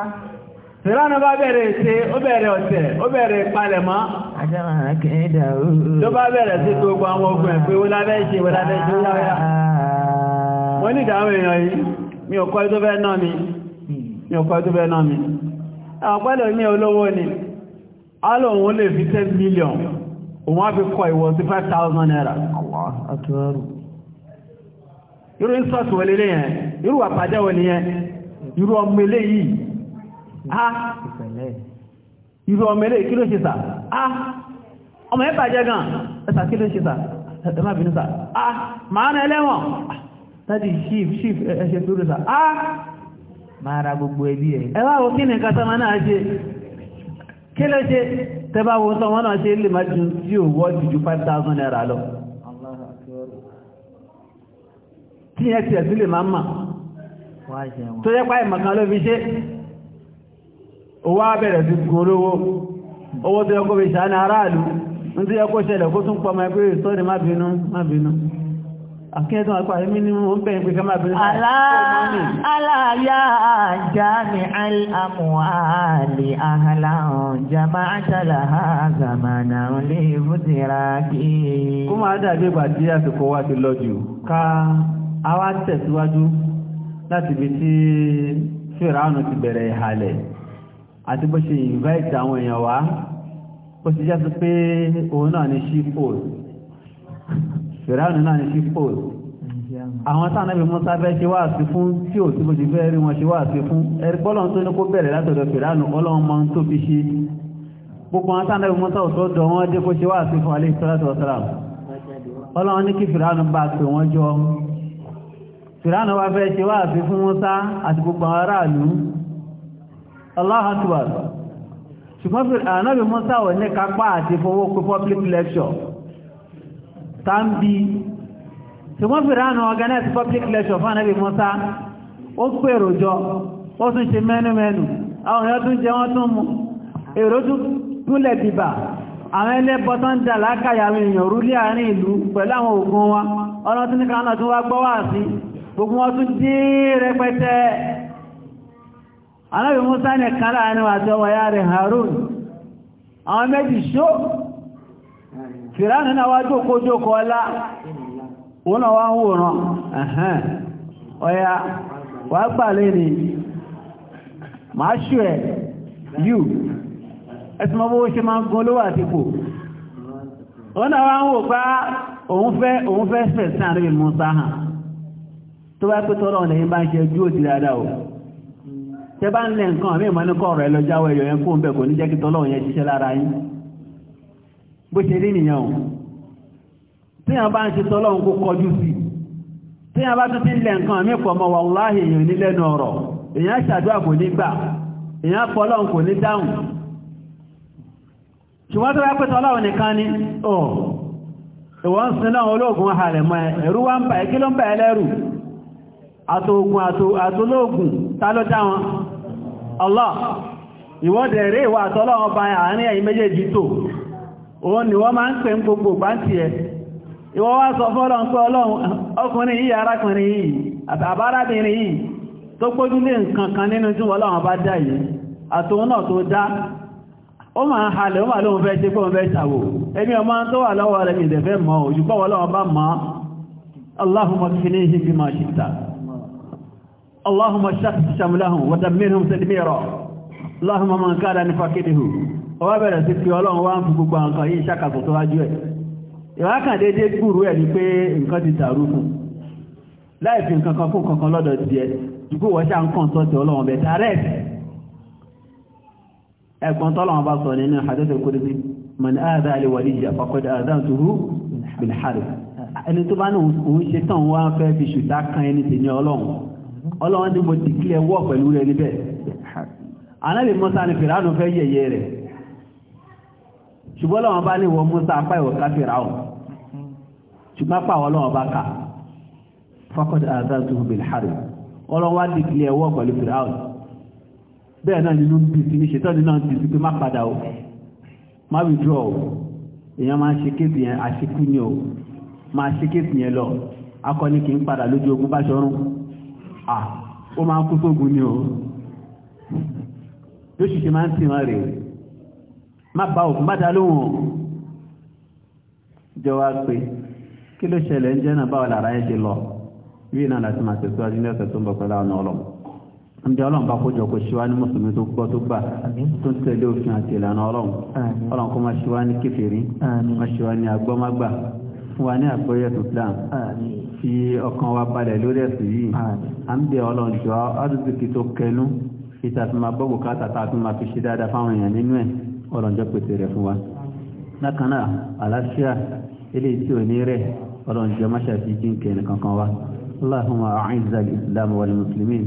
kan Sìránà bá bẹ̀rẹ̀ ṣe, ó bẹ̀rẹ̀ ọ̀tẹ̀, ó bẹ̀rẹ̀ palẹ̀mọ́. Àjọ́mà kìídà ooo. Ló bá bẹ̀rẹ̀ sí gbogbo àwọn ogun ẹ̀pẹ́ wó lábẹ́ ṣe, wó lábẹ́ ṣe láyá. Wọ́n ní ìdáhùn èèyàn yìí, mi ò kọ́ tó fẹ́ náà mi, mi ò kọ́ tó fẹ́ náà mi. Àwọn pẹ́lẹ̀ ní olówó ni, alò òun lè fi 10 million, òun á fi kọ ìwọ̀n sí 5,000 naira. Irú ìsọ̀tù wọlé yẹn, irú àpàjẹ́ wọlé yẹn, irú ọmọ eléyìí Ah. Ah. irú ọmọ ilé kí ló ṣe sà ah. ọmọ ẹ bàjẹ́ gan ẹsà kí ló ṣe sà ẹ má bínú sà máa náà ẹlẹ́wọ̀n tàbí chief chief ẹṣẹ́ tó rẹ̀ sà máa ra gbogbo ẹbí ẹ̀ ẹwà wo kí ní kátàmà náà ṣe kí ló ṣe tẹbà wo sọ wọ́n náà ṣe lè má ju tí ò wọ́ jù ju 5000 naira lọ tí ẹ ti ẹ̀ sí lè má mà tó yẹ pa ìmọ̀kan ló fi ṣe owó abẹ̀rẹ̀ sí gorówó owó tó yẹ kó fi ṣàánà aráàlú ní tó yẹ kó kó tún pọmọ ẹgbẹ́ ìsọ́rí má bínú má bínú akẹ́ẹ̀tọ́ àpá ẹmí ni wọ́n bẹ̀rẹ̀ pé ká máa bẹ̀rẹ̀ aláàyà jami al'amuwaali ahalahun jama'atala zamana lè fútira kí kó àti bó ṣe invite àwọn èèyàn wá ó ti jẹ́ pé òun náà ni ṣípò fìránù náà ni ṣípò àwọn tánàbí Mùsá fẹ́ ṣe wáàsí fún tí ò tí bó ṣe fẹ́ rí wọn ṣe wáàsí fún ẹgbọ́lọ́n tó ní kó bẹ̀rẹ̀ látọ̀dọ̀ fìránù ọlọ́run mọ́ tó fi ṣe gbogbo àwọn tánàbí Mùsá òtọ́dọ̀ wọn dé kó ṣe wáàsí fún alẹ́ ìsọ́látọ̀ọ́sọ́lám ọlọ́run ní kí fìránù bá pè wọ́n jọ fìránù wá fẹ́ ṣe wáàsí fún Mùsá àti gbogbo àwọn aráàlú Allah akbar ṣùgbọ́n fi ànábì Mùsá wọ̀ ní kápá àti fowó public lecture tàbí ṣùgbọ́n fi organize public lecture fún ànábì Mùsá ó pèrò jọ ó tún ṣe mẹ́numẹ́nu àwọn èèyàn tún jẹ wọ́n tún mú wa anábì musa ní kan láàrin àti ọmọ ya rẹ̀ harun àwọn méjì ṣó fìránù náà wá jókòó jókòó ọlá òun náà wá ń wòrán ẹ̀hẹ́n ọya wà gbà lẹ́ni máa ṣù ẹ̀ yù ẹ̀sùn mọ́ bó ṣe máa ń gun olówó àtìkò òun náà wá ń òun fẹ́ òun fẹ́ fẹ̀ sí musa hàn tó bá pẹ́ tọ́lọ́ tẹ bá ń lẹ nǹkan àmì ìmọ̀nìkọ́ ọ̀rọ̀ ẹ lọ jáwọ́ ẹ̀yọ̀ yẹn kó ń kò ní jẹ́ kí ṣe rí nìyẹn o bá ń ṣe kó kọjú sí tíyàn bá tún ti lẹ nǹkan àmì èèyàn ní lẹ́nu ọ̀rọ̀ èèyàn ṣàdúrà kò ní gbà èèyàn kò ní dáhùn ṣùgbọ́n ni ọ̀ ìwọ́n sin náà Allah ìwọ́dẹ̀ eré ìwà àtọ́lọ́wọ́ bá àárín ẹ̀yìn méjèèjì tó òun ni wọ́n máa ń pè ń gbogbo pàǹtì ẹ. ìwọ wá sọ fọ́lọ́ ń ọlọ́run ọkùnrin yìí arákùnrin yìí àbárábìnrin yìí tó pójú nínú tí bá dá yìí اللهم شخص شملهم ودمرهم تدميرا اللهم من كان نفاكده ọwábẹ̀rẹ̀ sí fi ọlọ́run wá ń fi gbogbo nǹkan yìí ṣàkàtò tó wájú ẹ̀ ìwákàn dédé gbùrú ẹ̀ ní pé nǹkan ti dàrú fún láìfi nǹkan kan fún kankan lọ́dọ̀ ti ẹ̀ dùgbò wọ́n ṣá ń kàn sọ́tẹ̀ ọlọ́run bẹ̀ tààrẹ́ ẹ̀gbọ́n tọ́lọ́run bá sọ nínú hadith al-qudsi man aada ali waliya faqad aadantuhu bil harb ẹni tó bá ní òun ṣe tán wá fẹ́ fi ṣùtá kan ẹni tèmi ọlọ́run ọlọ́wọ́n tí mo ti kílẹ̀ wọ́ pẹ̀lú rẹ̀ níbẹ̀ anábì Musa ni fìránù fẹ́ yẹ̀yẹ́ rẹ̀ ṣùgbọ́n lọ́wọ́n bá níwọ̀ Musa apá ìwọ̀ ká fìránù ṣùgbọ́n apá àwọn lọ́wọ́n bá ká fakọ́dé azazúhu bilhari ọlọ́wọ́n ti kílẹ̀ wọ́ pẹ̀lú fìránù bẹ́ẹ̀ náà nínú bí ti ní ṣetán nínú ti ti pé má padà o má withdraw o èèyàn máa ṣe kéèsì yẹn àṣekú ni o máa ṣe kéèsì yẹn lọ akọni kì í padà lójú ogun bá ṣọrún à ó máa kú sógun ni o ló ṣìṣe máa ń tì wọ́n rè má bá òkú bá ta lóhùn jọ̀wọ́ pé kí ló ṣẹlẹ̀ ń jẹ́ náà báwo lára ẹ̀ ṣe lọ yìí náà láti máa tẹ̀síwájú ní ọ̀sẹ̀ tó ń bọ̀ pẹ̀lú àwọn ọlọ́mọ ǹjẹ́ ọlọ́run bá kójọ kó ṣíwá ní mùsùlùmí tó gbọ́ tó gbà tó ń tẹ̀lé òfin àti ìlànà ọlọ́run ọlọ́run kó máa ṣíwá ní kèfèrí máa ṣíwá ní agbọ́mágbà fún wa ní àgbọ́yẹ̀ tó dáa fi ọkàn wa balẹ̀ lórí ẹ̀sìn yìí àmì ọlọ́njọ́ ọdúnjẹ́ kí tó kẹlú ìtàtùmà bọ́bù káta tààtùmà fi ṣe dáadáa fáwọn èèyàn nínú ẹ̀ ọlọ́njọ́ pètè rẹ̀ fún wa lákanná àlàáfíà eléyìí tí ò ní rẹ̀ ọlọ́njọ́ máṣà fi jí nkẹ́ nìkankan wa اللهم أعز الإسلام والمسلمين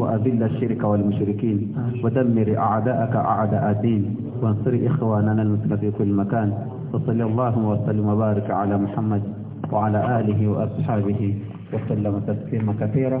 وأذل الشرك والمشركين ودمر أعداءك أعداء الدين وانصر إخواننا المسلمين في كل مكان وصلى اللهم وسلم وبارك على محمد وعلى آله وأصحابه وسلم تسليما كثيرا